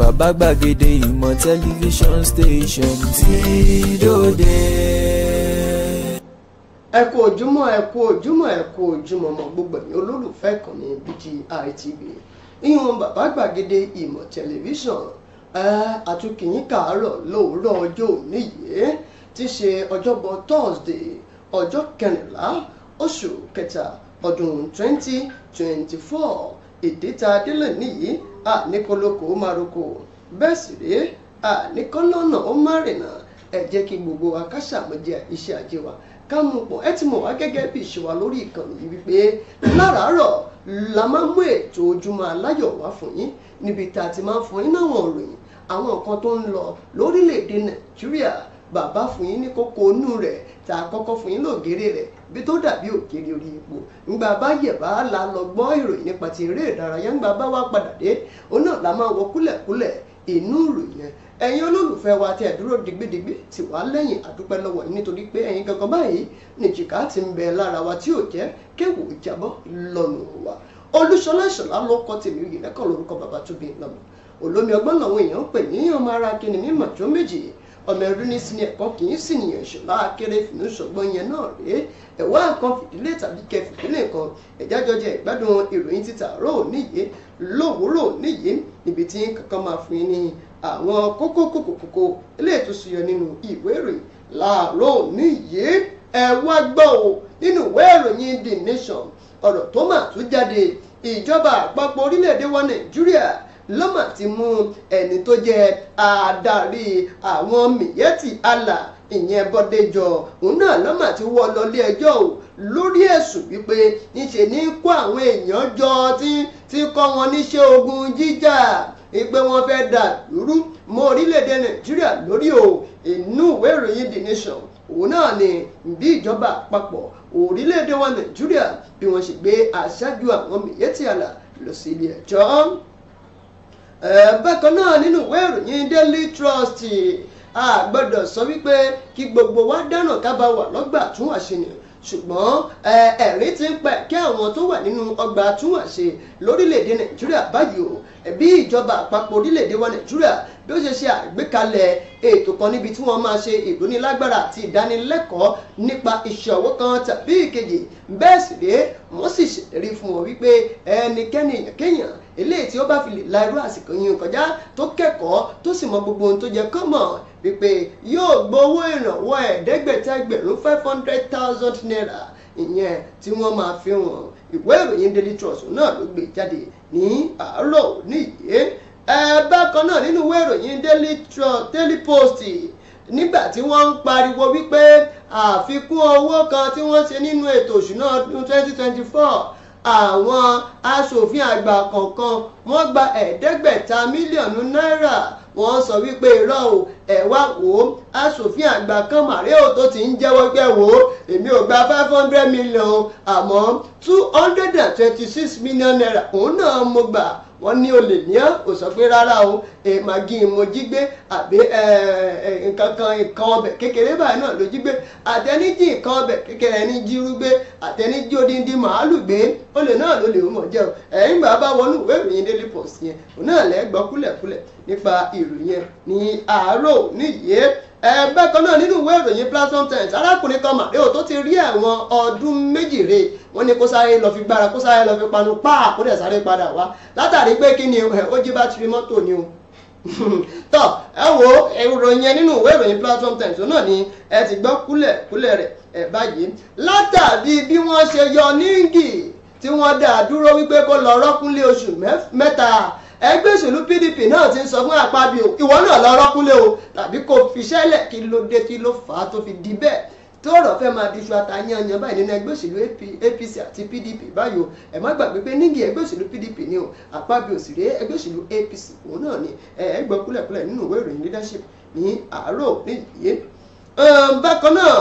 bàbá gbàgede ìmọ̀ tẹlifíṣọ̀n station ti dòde. ẹ kú ojúmọ́ ẹ kú ojúmọ́ ẹ kú ojúmọ́ ọmọ gbogbo ẹ̀yin olólùfẹ́ ìkànnì BGI TV ìhun bàbá gbàgede ìmọ̀ tẹlifíṣọ̀n àtúnkìyín kàárọ̀ lóòrọ̀ ọjọ́ òní yìí ti ṣe ọjọ́bọ̀ Thursday ọjọ́ kẹrìnlá oṣù kẹta ọdún twenty twenty four èdè tá a délẹ̀ nìyí A àníkólókò ó máa roko bẹ́ẹ̀ sì rèé àníkọ́lọ́nà ó má rìnà ẹ jẹ́ kí gbogbo wa ká ṣàmójẹ iṣẹ́ ajé wa ká mú pọ̀ ẹ ti mọ̀ wá gẹ́gẹ́ bí ìṣe wa lórí ìkànnì yìí wípé láràárọ̀ la máa ń mú ètò ojúmọ́ aláyọ̀ wá fún yín níbi tá a ti máa fún yín náwọn ìròyìn àwọn nǹkan tó ń lọ lórílẹ̀‐èdè nàìjíríà bàbá fún yín ní kókó inú rẹ̀ tá a kọ́kọ́ fún yín lògèrè rẹ̀ bí tó dàbí ògèrè orí ipò ńgbà bá yẹ̀bá la lọ gbọ́ ìròyìn nípa ti eré ìdárayá ńgbà bá wá padà dé òun náà la máa wọ kúlẹ̀kúlẹ̀ inú ìròyìn ẹ̀yin olólùfẹ́ wa tí ẹ dúró digbidigbi tí wàá lẹ́yìn àdúpẹ́ lọ́wọ́ yìí nítorí pé ẹ̀yin gangan báyìí nìjìká ti ń bẹ lára wa tí ò jẹ́ kéwò ìjábọ̀ lọ́nà wa olúṣọlá ìṣọlá ló kọ́ tèmi yìí lẹ́kọ̀ọ́ lórúkọ bàbá tó lọ́mọ olómi ọgbọ́n làwọn èèyàn ń pè ní ọmọ ara kìnìún mímọ̀ méjì yìí ọmọ ẹrú ní sí ní ẹ̀kọ́ kì í sì nìyàn ṣùgbọ́n akéré fìmí ṣọgbọ́n yẹn náà rèé ẹ̀wá nǹkan fìdílé tàbí kẹfìdílé nǹkan ẹ̀jájọ́ jẹ́ ìgbádùn ìròyìn títà rò níyì lówùúrò níyì níbi tí kankan máa fún yín ní àwọn kókó kókó kókó eléyìí tó ṣùyọ nínú ìwé ìròyìn láàárọ̀ níyì ẹ̀wá gbọ́ o nínú ìwé ìròyìn The Nation ọ̀rọ̀ tó mà tún jáde ìjọba àpapọ̀ orílẹ̀ lọ́mà ti mú ẹni tó jẹ́ adarí àwọn mìyẹ́tì Allah ìyẹn bọ́déjọ òun náà lọ́mà ti wọ́ lọ ilé ẹjọ́ o lórí ẹ̀sùn wípé níṣe ní kó àwọn èèyàn jọ tí kọ́ wọn níṣẹ́ ogun jíjà ìpè wọn fẹ́ dà lúrú mọ́ orílẹ̀-èdè Nàìjíríà lórí o inú ìwé ìròyìn The Nation òun náà ni bí ìjọba àpapọ̀ orílẹ̀-èdè wa Nàìjíríà bí wọ́n ṣe gbé aṣáájú àwọn mìyẹ́tì àlà lọ sí ilé ẹjọ́ bákan náà nínú ìwé ìròyìn Daily Trust a gbọ́dọ̀ sọ wípé kí gbogbo wa dáná kábà wà lọ́gbà tún àṣeyàn ṣùgbọ́n ẹ̀rín ti ń pẹ̀ kí àwọn tó wà nínú ọgbà tún àṣe lórílẹ̀‐èdè Nàìjíríà báyìí o bí ìjọba àpapọ̀ orílẹ̀-èdè wa nàìjíríà bí ó ṣe ṣe àgbékalẹ̀ ètò kan níbi tí wọ́n máa ṣe ìgbónilágbára àti ìdánilẹ́kọ̀ọ́ nípa iṣẹ́ ọwọ́ kan tàbí ìkejì bẹ́ẹ̀ sì rèé wọ́n sì ṣèlérí fún wọn wípé ẹnikẹ́ni èèyàn eléyìí tí ó bá fi lè la irú àsìkò yìí kọjá tó kẹ́kọ̀ọ́ tó sì mọ gbogbo ohun tó jẹ kọ́ mọ̀ wípé yóò gbowó ìrànwọ́ ẹ̀ẹ́dẹ́gbẹ̀ta ẹgbẹ̀rún five hundred thousand naira ìyẹn tí wọ́n máa fi wọ́n ìwé ìròyìn Daily Trust náà ló gbé jáde ní àárọ̀ níyìí bákan náà nínú ìwé ìròyìn Daily Trust Daily Post nígbà tí wọ́n ń pariwo wípé àfikún owó kan tí wọ́n ṣe nínú ètò òṣùná ọdún twenty twenty four àwọn aṣòfin àgbà kọ̀ọ̀kan wọ́n gba ẹ̀ẹ́dẹ́gbẹ̀ta mílíọ̀nù náírà wọ́n sọ wípé irọ́ o ẹ̀ wá wò ó aṣòfin àgbà kan màrí ò tó ti ń jẹ́wọ́ pé wò ó èmi ò gba five hundred million àmọ́ two hundred and twenty six million naira òun náà mo gbà wọ́n ní olè ní ọ́ ò sọ pé rárá o màgí mo jí gbé àbí nǹkan kan nǹkan ọbẹ̀ kékeré báyìí náà ló jí gbé àtẹnijì nǹkan ọbẹ̀ kékeré ẹni jírú gbé àtẹnijì odindi màálù gbé olè náà ló lè mọ̀ jẹ́ o ẹ̀yìn gbà bá wọnú ìwé ìròyìn daily post yẹn òun náà lẹ́ gbọ́ kúlẹ̀kúlẹ̀ nípa ìròyìn ní àárọ̀ níyẹn ẹ̀ẹ́bẹ́ kan náà nínú ìwé ìròyìn Platform Times arákùnrin kan màdé ò tó ti rí ẹ̀wọ̀n ọdún méjì rè wọ́n ní kó sáré lọ fi gbára kó sáré lọ fi panu páà kó dẹ̀ sáré padà wá látàrí pé kí ni ó jí bátìrì mọ́tò ni o tọ́ ẹ wo ìròyìn yẹn nínú ìwé ìròyìn Platform Times náà ni ẹ ti gbọ́ kúlẹ̀ kúlẹ̀ rẹ̀ ẹ̀ báyìí látàrí bí wọ́n ṣe yọ níngì tí wọ́n dá dúró wípé kó lọ rọ́kúnlé oṣù mẹ́ta ẹgbẹ́ ìṣèlú PDP náà ti ń sọ fún Akpabio ìwọ náà lọ rọ́kúnlé o tàbí kò fiṣẹ́ lẹ̀ kí ló dé kí ló fà á tó fi di bẹ́ẹ̀ tó ọ̀rọ̀ fẹ́ máa di iṣu atayanyan báyìí nínú ẹgbẹ́ òṣèlú APC àti PDP báyìí o ẹ má gbàgbé pé nígi ẹgbẹ́ òṣèlú PDP ni o Akpabio sì rèé ẹgbẹ́ òṣèlú APC òun náà ni ẹ gbọ́ kúlẹ̀kúlẹ̀ nínú ìwé ìròyìn leadership ní àárọ̀ níyìí. bákan náà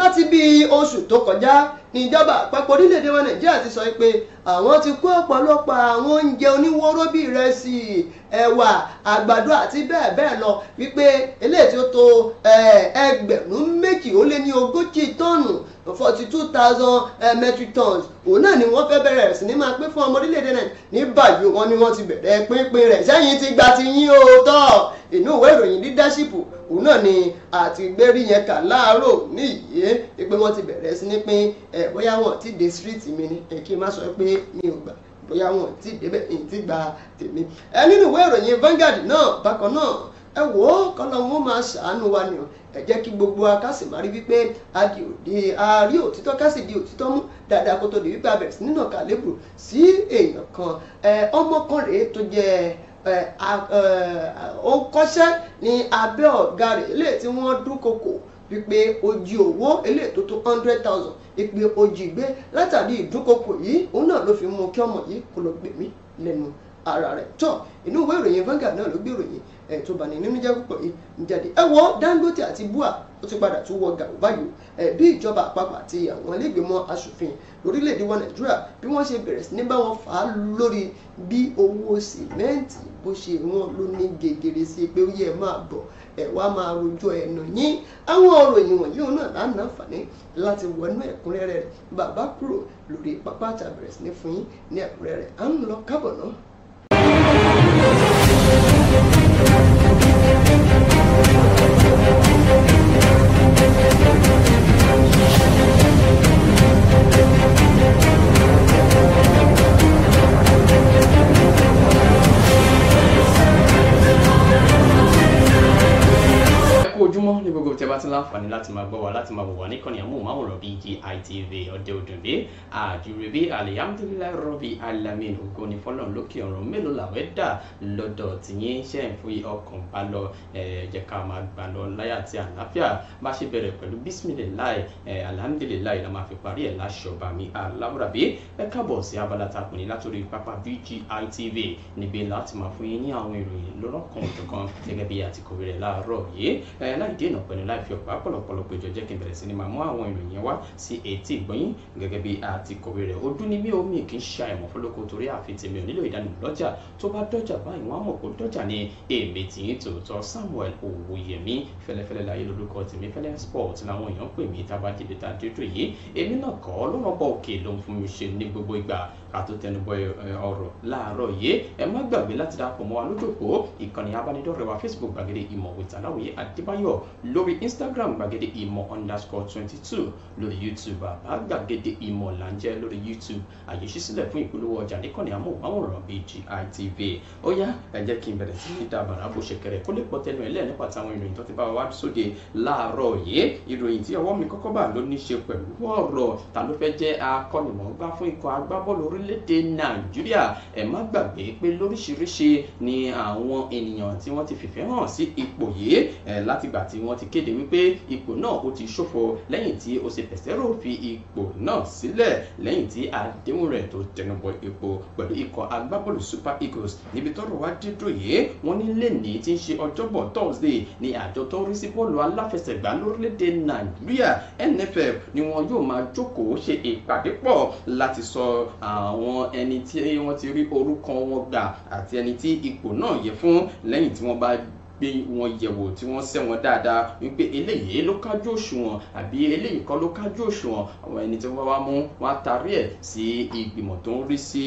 láti bí oṣù tó kọjá níjọba àpapọ̀ orílẹ̀-èdè wa Nàìjíríà ti sọ pé àwọn ti kó ọ̀pọ̀lọpọ̀ àwọn oúnjẹ oníwóró bíi ìrẹsì ẹ̀wà àgbàdo àti bẹ́ẹ̀ bẹ́ẹ̀ lọ wípé eléyìí tí ó tó ẹgbẹ̀rún méjì ó lé ní ogójì tọ́ọ̀nù forty two thousand metric tons òun náà ni wọ́n fẹ́ bẹ̀rẹ̀ sí ni máa pín fún ọmọ orílẹ̀-èdè náà ní báyìí wọ́n ni wọ́n ti bẹ̀rẹ̀ pínpín rẹ̀ sẹ́yìn ti gba ti yín o tọ́ inú ìwé ìròyìn dídáṣìpù òun náà ni àtìgbérí yẹn kà láàárọ̀ níyì pé wọ́n ti bẹ̀rẹ̀ sí ní pín ẹ̀ bóyá wọn ti dé síríìtì mi ni kí n má sọ pé mi ò gbà bóyá wọn ò tí ì débẹ̀ ti gba tèmi. ẹ nínú ìwé ìròyìn Vanguard náà bákan náà ẹ wò ó kọ́lọ́hún máa ṣàánú wa ni o ẹ jẹ́ kí gbogbo wa ká sì máa rí wípé a di òde a rí ká sì di òtítọ́ mú dáadáa kó tó di wípé a bẹ̀rẹ̀ sí nínà kàlébù sí èèyàn kan ọmọ kan rèé tó jẹ́ ó kọ́ṣẹ́ ní abẹ́ ọ̀gá rẹ̀ eléyìí tí wọ́n dúnkokò wípé ó owó eléyìí tó tó hundred thousand ìpè òjì gbé látàrí ìdúnkokò yìí òun náà ló fi mú kí ọmọ yìí kó lọ gbèmí lẹ́nu ara rẹ̀ tọ́ inú ìwé ìròyìn Vanguard náà ló gbé ìròyìn ẹ̀ tó bani nínú jẹ́ púpọ̀ yìí ń jáde ẹ wò Dangote àti Bua ó ti padà tún wọ gàù báyìí ẹ bí ìjọba àpapọ̀ àti àwọn ilégbèmọ̀ aṣòfin lórílẹ̀‐èdè wa Nàìjíríà bí wọ́n ṣe bẹ̀rẹ̀ sí ní bá wọn fà á lórí bí owó sìmẹ́ǹtì bó ṣe wọ́n ló ní gègèrè sí pé ó yẹ máa bọ̀ ẹ wá máa rojọ́ ẹnu yín àwọn ọ̀rọ̀ ìyìn wọ̀nyí òun náà láǹnà àǹfààní láti wọnú ẹ̀kúnrẹ́rẹ́ bàbá kúrò lórí pápá àtàbẹ̀rẹ̀ sí ní fún yín ní ẹ̀kúnrẹ́rẹ́ à ń lọ kábọ̀ náà Thank you. kú ojúmọ́ ní gbogbo tẹ́ bá ti láǹfààní láti máa gbọ́ wa láti máa wò wá níkànnì àmóhùnmáwòrán BGI TV ọdẹ ọdún bí alihamudulilayi rọ́bì alamin ògo ní fọlọ́run lókè ọ̀run mélòó làwẹ́ dà lọ́dọ̀ tìyín ṣe ń fi ọkàn bá lọ ẹ jẹ́ ká máa gbà lọ láyà àti àlàáfíà bá ṣe bẹ̀rẹ̀ pẹ̀lú bísímìlélàyì alihamudulilayi la máa fi parí ẹ̀ láṣọba mi aláwùrábí ẹ káàbọ̀ sí BGI TV níbi láti máa fún yín ní àwọn ìròyìn lọ́lọ́kan òjọ̀kan gẹ́gẹ́ bí àtìkò láì dé ìnà pẹ̀lú láì fi ọ̀pá pọ̀lọ̀pọ̀lọ̀ péjọ jẹ́ kí n bẹ̀rẹ̀ sí ni máa mú àwọn ìròyìn wá sí etí ìgbọ́yìn gẹ́gẹ́ bí àti kọ̀wé rẹ̀ ojú ni mí omi kì í ṣe àìmọ̀ fọlọ́kọ torí àfi tèmi ò nílò ìdánimọ̀ lọ́jà tó bá dọ́jà báyìí wọ́n á mọ̀ pé dọ́jà ni èmi tì í tòótọ́ Samuel Owóyẹmí fẹ́lẹ́fẹ́lẹ́ láyé lórúkọ tèmi fẹ́lẹ́ àtúntẹnubọ ọ̀rọ̀ láàárọ̀ yìí ẹ má gbàgbé láti darapọ̀ mọ́ wa lójókòó ìkànnì abánidọ́rẹ̀ wa facebook gbàgede ìmọ̀ with aláwòye lórí instagram gbàgede ìmọ̀ underscore twenty two lórí youtube àbá gbàgede ìmọ̀ làǹjẹ́ lórí youtube àyè ṣí sílẹ̀ fún ìpolówó ọjà níkànnì amóhùnmáwòrán BGI TV ó yá ẹ jẹ́ kí n bẹ̀rẹ̀ sí ní dàbàrà bó ṣe kẹrẹ̀ kó lè pọ̀ tẹnu ẹ̀ lẹ́ẹ̀ nípa táwọn ìròyìn tó ti bá wa sóde láàárọ̀ yìí ìròyìn orílẹ̀-èdè nàìjíríà ẹ má gbàgbé pé lóríṣiríṣi ni àwọn ènìyàn tí wọ́n ti fìfẹ́ hàn sí ipò yìí ẹ látìgbà tí wọ́n ti kéde wípé ipò náà ó ti ṣòfò lẹ́yìn tí Osepesero fi ipò náà sílẹ̀ lẹ́yìn tí àdéhùn rẹ̀ tó tẹnubọ ipò pẹ̀lú ikọ̀ agbábọ́ọ̀lù Super Eagles níbi tọ́rọ̀ wá dídò yìí wọ́n ní lẹ́ni tí ń ṣe ọjọ́bọ̀ Thursday ní àjọ tó ń rí sí bọ́ọ̀lù aláfẹsẹ̀gbá lórílẹ̀‐èdè Nàìjíríà NFF ni wọn yóò máa jókòó ṣe ìpàdé pọ̀ láti sọ àwọn àwọn ẹni tí wọ́n ti rí orúkọ wọn gbà àti ẹni tí ipò náà yẹ fún lẹ́yìn tí wọ́n bá gbé wọn yẹ̀wò tí wọ́n ṣe wọn dáadáa wípé eléyìí ló kájú òṣùwọ̀n àbí eléyìí kọ́ ló kájú òṣùwọ̀n àwọn ẹni tí wọ́n wá mú wọn tarí ẹ̀ sí ìgbìmọ̀ tó ń rí sí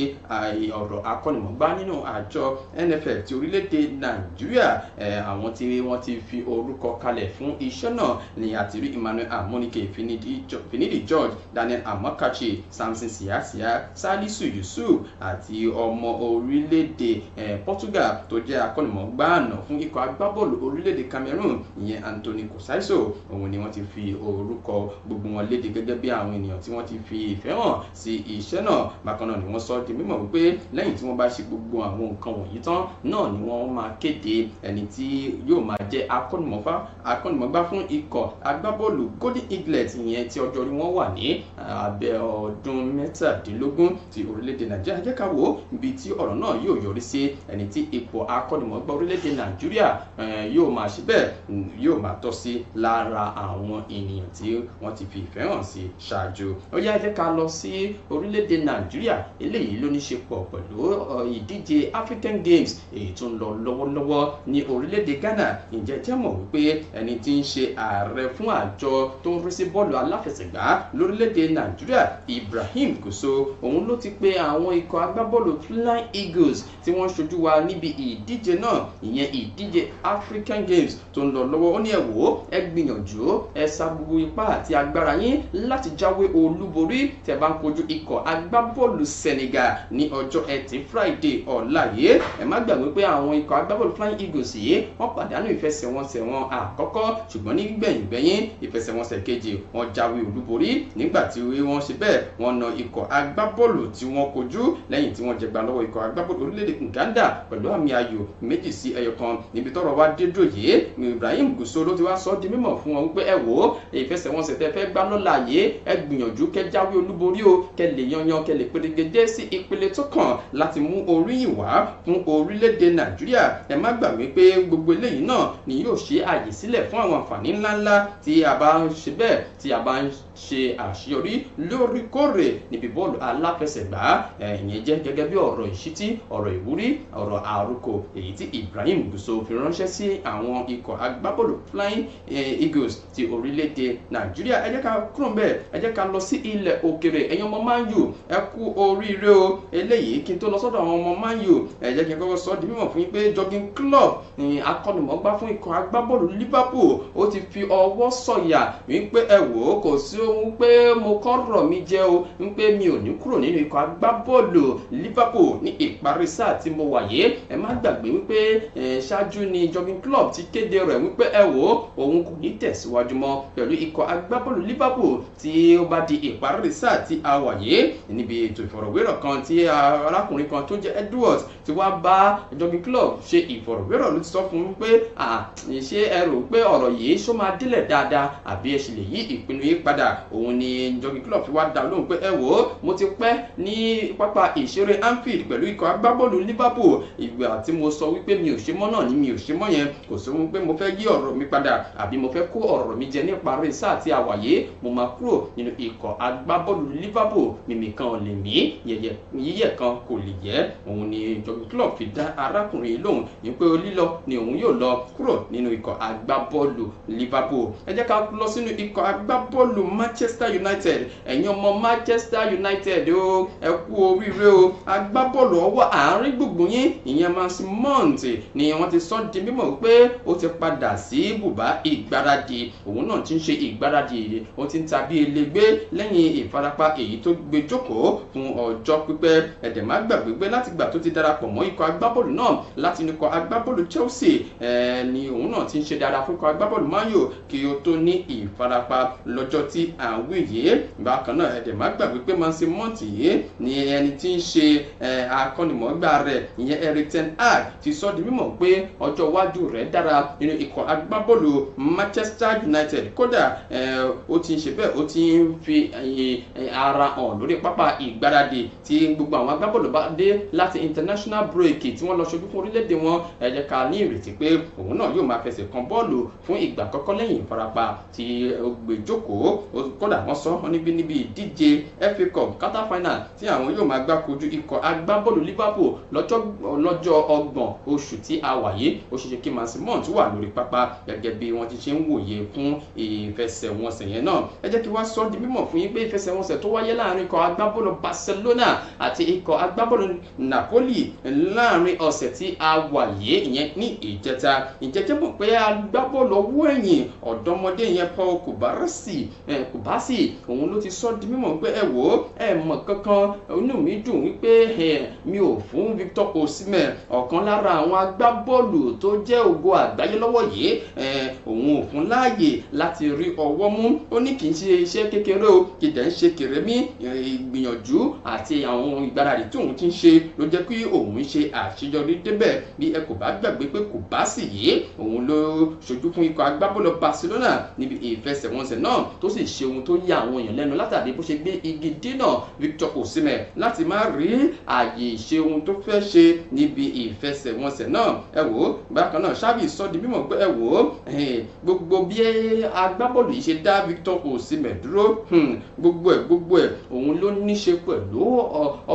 ọ̀rọ̀ akọ́nìmọ̀gbá nínú àjọ NFF ti orílẹ̀-èdè Nàìjíríà àwọn tí wọ́n ti fi orúkọ kalẹ̀ fún iṣẹ́ náà ni àti rí Emmanuel Amunike Finidi George Daniel Amokachi Samson Siasia Salisu Yusuf àti ọmọ orílẹ̀-èdè Portugal tó jẹ́ akọ́nìmọ̀gbá àná fún ikọ̀ àgbà agbábọ́ọ̀lù orílẹ̀-èdè Cameroon ìyẹn Anthony Kosaiso òun ni wọ́n ti fi orúkọ gbogbo wọn léde gẹ́gẹ́ bí àwọn ènìyàn tí wọ́n ti fi ìfẹ́ hàn sí iṣẹ́ náà bákan náà ni wọ́n sọ di mímọ̀ wípé lẹ́yìn tí wọ́n bá ṣe gbogbo àwọn nǹkan wọ̀nyí tán náà ni wọ́n máa kéde ẹni tí yóò máa jẹ́ akọ́nìmọ̀gbá fún ikọ̀ agbábọ́ọ̀lù Golden Eaglet ìyẹn tí ọjọ́ orí wọn wà ní abẹ́ ọdún mẹ́tàdínlógún ti orílẹ̀-èdè Nàìjíríà jẹ́ wò ibi tí ọ̀rọ̀ náà yóò yọrí sí ẹni tí ipò akọ́nìmọ̀gbá orílẹ̀-èdè Nàìjíríà Eh, yóò máa ṣe bẹ́ẹ̀ yóò máa tọ́ sí lára àwọn ènìyàn tí wọ́n ti fi ìfẹ́ hàn sí ṣáájú ó yá jẹ́ ká lọ sí orílẹ̀-èdè nàìjíríà eléyìí ló ní ṣe pọ̀ pẹ̀lú eh, ìdíje african games èyí tó ń lọ lọ́wọ́lọ́wọ́ ní orílẹ̀-èdè ghana ǹjẹ́ jẹ́ mọ̀ wípé ẹni tí ń ṣe ààrẹ fún àjọ tó ń rí sí bọ́ọ̀lù aláfẹsẹ̀gbá lórílẹ̀-èdè nàìjíríà ibrahim kòso òun ló ti pe àwọn ikọ̀ agbábọ́ọ̀lù flying eagles tí wọ́n ṣojú wa níbi ìdíje náà ìyẹn ìdíje African Games tó ń lọ lọ́wọ́ ó ní ẹ wò ó ẹ gbìyànjú ẹ sa gbogbo ipá àti agbára yín láti jáwé olúborí tẹ́ bá ń kojú ikọ̀ agbábọ́ọ̀lù Senegal ní ọjọ́ ẹtì Friday ọ̀la yìí ẹ má gbàgbé pé àwọn ikọ̀ agbábọ́ọ̀lù Flying Eagles yìí wọ́n pàdánù ìfẹsẹ̀wọnsẹ̀ wọn àkọ́kọ́ ṣùgbọ́n nígbẹ̀yìngbẹ̀yìn ìfẹsẹ̀wọnsẹ̀ kejì wọ́n jáwé olúborí nígbà tí wọ́n ṣe bẹ́ẹ̀ wọ́n na ikọ̀ agbábọ́ọ̀lù tí wọ́n kojú lẹ́yìn tí wọ́n jẹgbà lọ́wọ́ ikọ̀ agbábọ́ọ̀lù orílẹ̀-èdè Uganda pẹ̀lú àmì ayò méjì sí ẹyọ kan níbi tọ́rọ ọ̀rọ̀ wa dédò yìí ni Ibrahim Gusau ló ti wá sọ di mímọ̀ fún wọn wípé ẹ wò ó ìfẹsẹ̀wọnsẹ̀ tẹ fẹ́ gbá lọ́la yìí ẹ gbìyànjú kẹ jáwé olúborí o kẹ lè yanyan kẹ lè pèrègede sí ìpele tó kàn láti mú oríyìn wá fún orílẹ̀-èdè Nàìjíríà ẹ má gbàgbé pé gbogbo eléyìí náà ni yóò ṣe àyè sílẹ̀ fún àwọn àǹfààní ńláńlá tí a bá ń ṣe bẹ́ẹ̀ tí a bá ń ṣe àṣeyọrí lóòrèkóòrè níbi bọ́ọ̀lù aláfẹsẹ̀gbá ìyẹn jẹ́ gẹ́gẹ́ bí ọ̀rọ̀ ìṣítí ọ̀rọ̀ ìwúrí ọ̀rọ̀ àròkọ èyí tí Ibrahim Gusau fi ránṣẹ́ sí àwọn ikọ̀ agbábọ́ọ̀lù Flying e, Eagles ti orílẹ̀-èdè Nàìjíríà ẹ jẹ́ ká kúrò ń bẹ̀ ẹ jẹ́ ká lọ sí ilẹ̀ òkèrè ẹ̀yin ọmọ Man U ẹ kú oríire o eléyìí kí n tó lọ sọ́dọ̀ àwọn ọmọ Man U ẹ jẹ́ kí n kọ́kọ́ sọ di mímọ̀ fún yín pé Jurgen Klopp akọ́nimọ̀ọ́gbá fún ikọ̀ agbábọ́ọ̀lù Liverpool ó ti fi ọwọ́ sọ̀yà wípé ẹ wò ó kò sí ó pé mo kọ́ rọ̀ mí jẹ́ o ń pé mi ò ní kúrò nínú ikọ̀ agbábọ́ọ̀lù Liverpool ní ìparí sáà tí mo wà yìí ẹ má gbàgbé wípé ṣáájú ni jogging club ti kéde rẹ̀ wípé ẹ wò ó òun kò ní tẹ̀síwájú mọ́ pẹ̀lú ikọ̀ agbábọ́ọ̀lù Liverpool tí ó bá di ìparí sáà tí a wà yìí níbi ètò ìfọ̀rọ̀wérọ̀ kan tí arákùnrin kan tó jẹ́ Edwards ti wá bá jogging club ṣe ìfọ̀rọ̀wérọ̀ ló ti sọ fún un pé ṣé ẹ rò pé ọ̀rọ̀ yìí ṣó máa délẹ̀ dáadáa àbí ẹ ṣì lè yí ìpinnu yìí padà òun ni jogi club fi wá dá lóhùn pé ẹ wò ó mo ti pẹ́ ní pápá ìṣeré Anfield pẹ̀lú ikọ̀ agbábọ́ọ̀lù Liverpool ìgbà tí mo sọ wípé mi ò ṣe mọ́ náà ni mi ò ṣe mọ́ yẹn kò sí wọn mo fẹ́ yí ọ̀rọ̀ mi padà àbí mo fẹ́ kó ọ̀rọ̀ mi jẹ ní ìparí sáà tí a wà yìí mo máa kúrò nínú ikọ̀ agbábọ́ọ̀lù Liverpool mímì kan ò lè mí yíyẹ kan kò lè yẹ òun ni jogi club fi dá arákùnrin lóhùn ní pé lílọ ni òun yóò lọ kúrò nínú ikọ̀ agbábọ́ọ̀lù Liverpool ẹ jẹ́ ká lọ sínú ikọ̀ agbábọ́ọ̀lù m Manchester United ẹ̀yin ọmọ Manchester United o ẹ kú oríire o agbábọ́ọ̀lù ọwọ́ àárín gbùngbùn yín ìyẹn Mason Mount ni wọ́n ti sọ di mímọ̀ pé ó ti padà sí bùbá ìgbáradì òun náà ti ń ṣe ìgbáradì ó ti ń ta bí elégbé lẹ́yìn ìfarapa èyí tó gbé jókòó fún ọjọ́ pípẹ́ ẹ̀dẹ̀ má gbàgbé pé láti gbà tó ti darapọ̀ mọ́ ikọ̀ agbábọ́ọ̀lù náà láti ikọ̀ agbábọ́ọ̀lù Chelsea ni òun náà ti ń ṣe dáadáa fún ikọ̀ agbábọ́ọ̀lù mayo kí ó tó ní ìfarapa lọ́jọ́ tí à ń wí yìí bákan náà ẹ̀dẹ̀ má gbàgbé pé Mansi Mount yìí ni ẹni tí ń ṣe akọ́nimọ̀ọ́gbà rẹ̀ ìyẹn Eric ten Hag ti sọ di mímọ̀ pé ọjọ́ iwájú rẹ̀ dára nínú ikọ̀ agbábọ́ọ̀lù Manchester United kódà ó ti ń ṣe bẹ́ẹ̀ ó ti ń fi ara hàn lórí pápá ìgbáradì tí gbogbo àwọn agbábọ́ọ̀lù bá dé láti international break tí wọ́n lọ ṣojú fún orílẹ̀-èdè wọn ẹ jẹ́ ká ní ìrètí pé òun náà yóò máa fẹsẹ̀ kan bọ́ọ̀lù fún ìgbà àkọ́kọ́ lẹ́yìn ìfarapa tí ó gbé jókòó ó kódà wọ́n sọ ọ́ níbi níbi ìdíje FA Cup quarter final tí àwọn yóò máa gbá kojú ikọ̀ agbábọ́ọ̀lù Liverpool lọ́jọ́ ọgbọ̀n oṣù tí a wà yìí ó ṣeé ṣe kí Man City tún wà lórí pápá gẹ́gẹ́ bí wọ́n ti ṣe ń wòye fún ìfẹsẹ̀wọnsẹ̀ yẹn náà ẹ jẹ́ kí wá sọ di mímọ̀ fún yín pé ìfẹsẹ̀wọnsẹ̀ tó wáyé láàrin ikọ̀ agbábọ́ọ̀lù Barcelona àti ikọ̀ agbábọ́ọ̀lù Napoli láàrin ọ̀sẹ̀ tí a wà yìí ìyẹn ní ìjẹta ìjẹjẹ mọ̀ pé agbábọ́ọ̀lù ọwọ́ ẹ̀yìn ọ̀dọ́mọdé yẹn Paul Kubarasi Kùbásì òun ló ti sọ di mímọ̀ pé ẹ wò ó ẹ mọ̀ kankan inú mi dùn wípé mi ò fún Victor Osimhen ọ̀kan lára àwọn agbábọ́ọ̀lù tó jẹ́ ògo àgbáyé lọ́wọ́ yìí òun ò fún láàyè láti rí ọwọ́ mú ó ní kì í ṣe iṣẹ́ kékeré o kì í dẹ̀ ń ṣe kèrémí ìgbìyànjú àti àwọn ìgbáradì tí òun ti ń ṣe ló jẹ́ kí òun ṣe àṣeyọrí débẹ̀ bí ẹ kò bá gbàgbé pé Kùbásì yìí òun ló ṣojú fún ikọ̀ agbábọ́ọ̀lù Barcelona níbi ìfẹsẹ̀wọnsẹ̀ náà tó sì ṣ ṣe ohun tó yà àwọn èèyàn lẹ́nu látàrí bó ṣe gbé igi dínà Victor Osimhen láti má rí àyè ìṣe ohun tó fẹ́ ṣe níbi ìfẹsẹ̀wọnsẹ̀ náà ẹ wò ó bákan náà Xavi sọ di mímọ̀ pé ẹ wò ó gbogbo bí agbábọ́ọ̀lù yìí ṣe dá Victor Osimhen dúró hmm, gbogbo ẹ̀ gbogbo ẹ̀ òun ló ní ṣe pẹ̀lú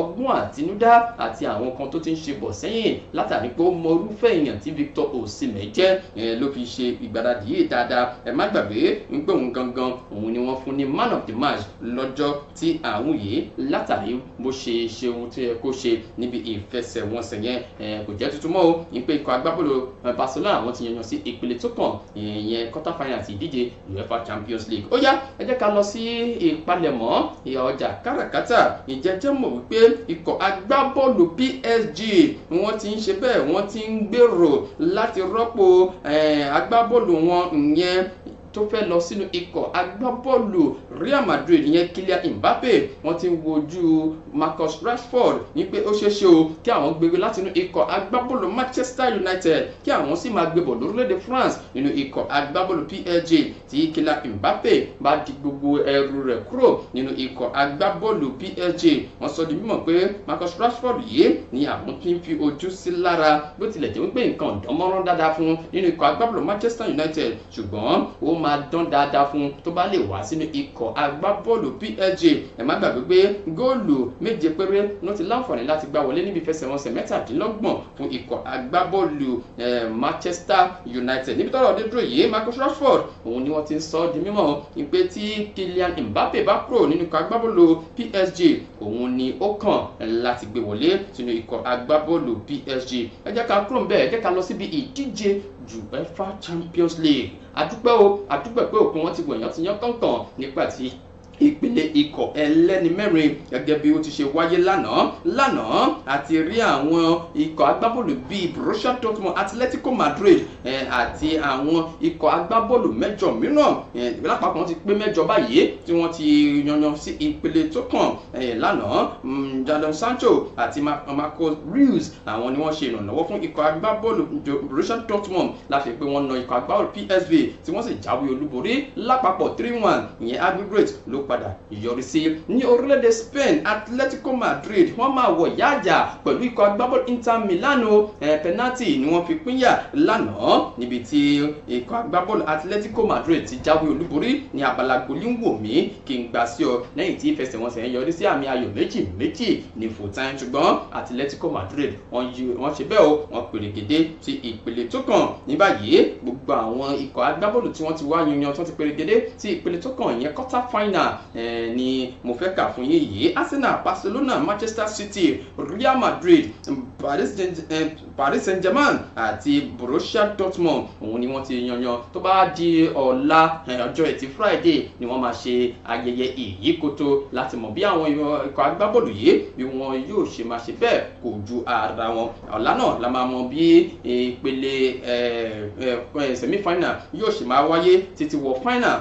ọgbọ́n àtinúdá àti àwọn kan tó ti ń ṣe bọ̀ sẹ́yìn látàrí pé ó mọ irúfẹ́ èèyàn tí Victor Osimhen jẹ́ ló fi ṣe ìgbáradì yìí dáadáa ẹ má gbàgbé ń pé òun gangan òun ni wọ́n wọ́n fún ní man of the match lọ́jọ́ tí à ń yìí látàrí bó ṣe ṣe ohun tó yẹ kó ṣe níbi ìfẹsẹ̀wọnsẹ̀ yẹn kò jẹ́ tuntun mọ́ o ní ikọ̀ agbábọ́ọ̀lù Barcelona wọ́n ti yanyan sí ìpele tó kàn ìyẹn quarter final ti ìdíje UEFA Champions League ó yá ẹ jẹ́ ká lọ sí ìpalẹ̀mọ́ ìyà ọjà káràkátà ìjẹ́jẹ́ mọ̀ wípé ikọ̀ agbábọ́ọ̀lù PSG wọ́n ti ń ṣe bẹ́ẹ̀ wọ́n ti ń gbèrò láti rọ́pò agbábọ́ọ̀lù wọn ìyẹn tó fẹ́ lọ sínú ikọ̀ agbábọ́ọ̀lù Real Madrid ìyẹn Kylian Mbappe wọ́n ti ń wojú Marcus Rashford wípé ó ṣeé ṣe o kí àwọn gbèrè látinú ikọ̀ agbábọ́ọ̀lù Manchester United kí àwọn sì máa gbébọ̀ lórílẹ̀‐èdè France nínú ikọ̀ agbábọ́ọ̀lù PSG tí Kylian Mbappe bá di gbogbo ẹrù rẹ̀ kúrò nínú ikọ̀ agbábọ́ọ̀lù PSG wọ́n sọ di mímọ̀ pé Marcus Rashford yìí ni àwọn fi ń fi ojú sí lára bó tilẹ̀ jẹ́ wípé nǹkan ọ̀dọ́mọ́rán dáadáa fún nínú ikọ̀ agbábọ́ọ̀lù Manchester United ṣùgbọ́n ó m máa dán dáadáa fún un tó bá lè wá sínú ikọ̀ agbábọ́ọ̀lù PSG ẹ má gbàgbé pé góòlù méje péré ló ti láǹfààní láti gbá wọlé níbi ìfẹsẹ̀wọnsẹ̀ mẹ́tàdínlọ́gbọ̀n fún ikọ̀ agbábọ́ọ̀lù Manchester United níbi tọ́rọ̀ dé dúró yìí Marcus Rashford òun ni wọ́n ti ń sọ ọ́ di mímọ̀ pé tí Kylian Mbappe bá kúrò nínú ikọ̀ agbábọ́ọ̀lù PSG òun ni ó kàn láti gbé wọlé sínú ikọ̀ agbábọ́ọ̀lù PSG ẹ jẹ́ ká kúrò ń bẹ́ẹ̀ jẹ́ ká lọ síbi ìdíje UEFA Champions League àdúpẹ́ o àdúpẹ́ pé òpin wọn ti wẹ̀yàn ti yán kánkàn nígbà tí ìpele ikọ̀ ẹlẹ́ni mẹ́rin gẹ́gẹ́ bí ó ti ṣe wáyé lánàá lánàá àti rí àwọn ikọ̀ agbábọ́ọ̀lù bíi Borussia Dortmund Atletico Madrid àti àwọn ikọ̀ agbábọ́ọ̀lù mẹ́jọ mìíràn lápapọ̀ wọn ti pé mẹ́jọ báyìí tí wọ́n ti yanyan sí ìpele tó kàn lánàá mm, Jadon Sancho àti Marco Reus àwọn ni wọ́n ṣe ìrànlọ́wọ́ fún ikọ̀ agbábọ́ọ̀lù Borussia Dortmund láfi pé wọ́n na ikọ̀ agbábọ́ọ̀lù PSV tí wọ́n sì jáwé olúborí lápapọ̀ three one ìyẹn aggregate ló padà yọrí sí ní orílẹ̀-èdè Spain Atletico Madrid wọ́n máa wọ̀ yáàjà pẹ̀lú ikọ̀ agbábọ́ọ̀lù Inter Milan penalty ni wọ́n fi pínyà lánàá níbi tí ikọ̀ agbábọ́ọ̀lù Atletico Madrid ti jáwé olúborí ní abala goli ń wò mí kí n gbà sí ọ lẹ́yìn tí ìfẹsẹ̀wọnsẹ̀ yẹn yọrí sí àmì ayò méjì méjì ní full time ṣùgbọ́n Atletico Madrid wọ́n ṣe bẹ́ẹ̀ o wọ́n pèrègede sí ìpele tó kàn ní báyìí gbogbo àwọn ikọ̀ agbábọ́ọ̀lù tí wọ́n ti wá yanyan tí wọ́n ti pèrègede sí ìpele tó kàn yẹn quarter final ni mo fẹ́ kà fún yín yìí Arsenal Barcelona Manchester City Real Madrid Paris Saint-Germain àti Borussia Dortmund òun ni wọ́n ti yanyan tó bá di ọ̀la ọjọ́ ẹtì Friday ni wọ́n máa ṣe ayẹyẹ ìyíkoto láti mọ̀ bí àwọn ikọ̀ agbábọ́ọ̀lù yìí bí wọn yóò ṣe máa ṣe bẹ́ẹ̀ kò ju ara wọn ọ̀la náà la máa mọ bí ìpele semi final yóò ṣe máa wáyé títí wọ final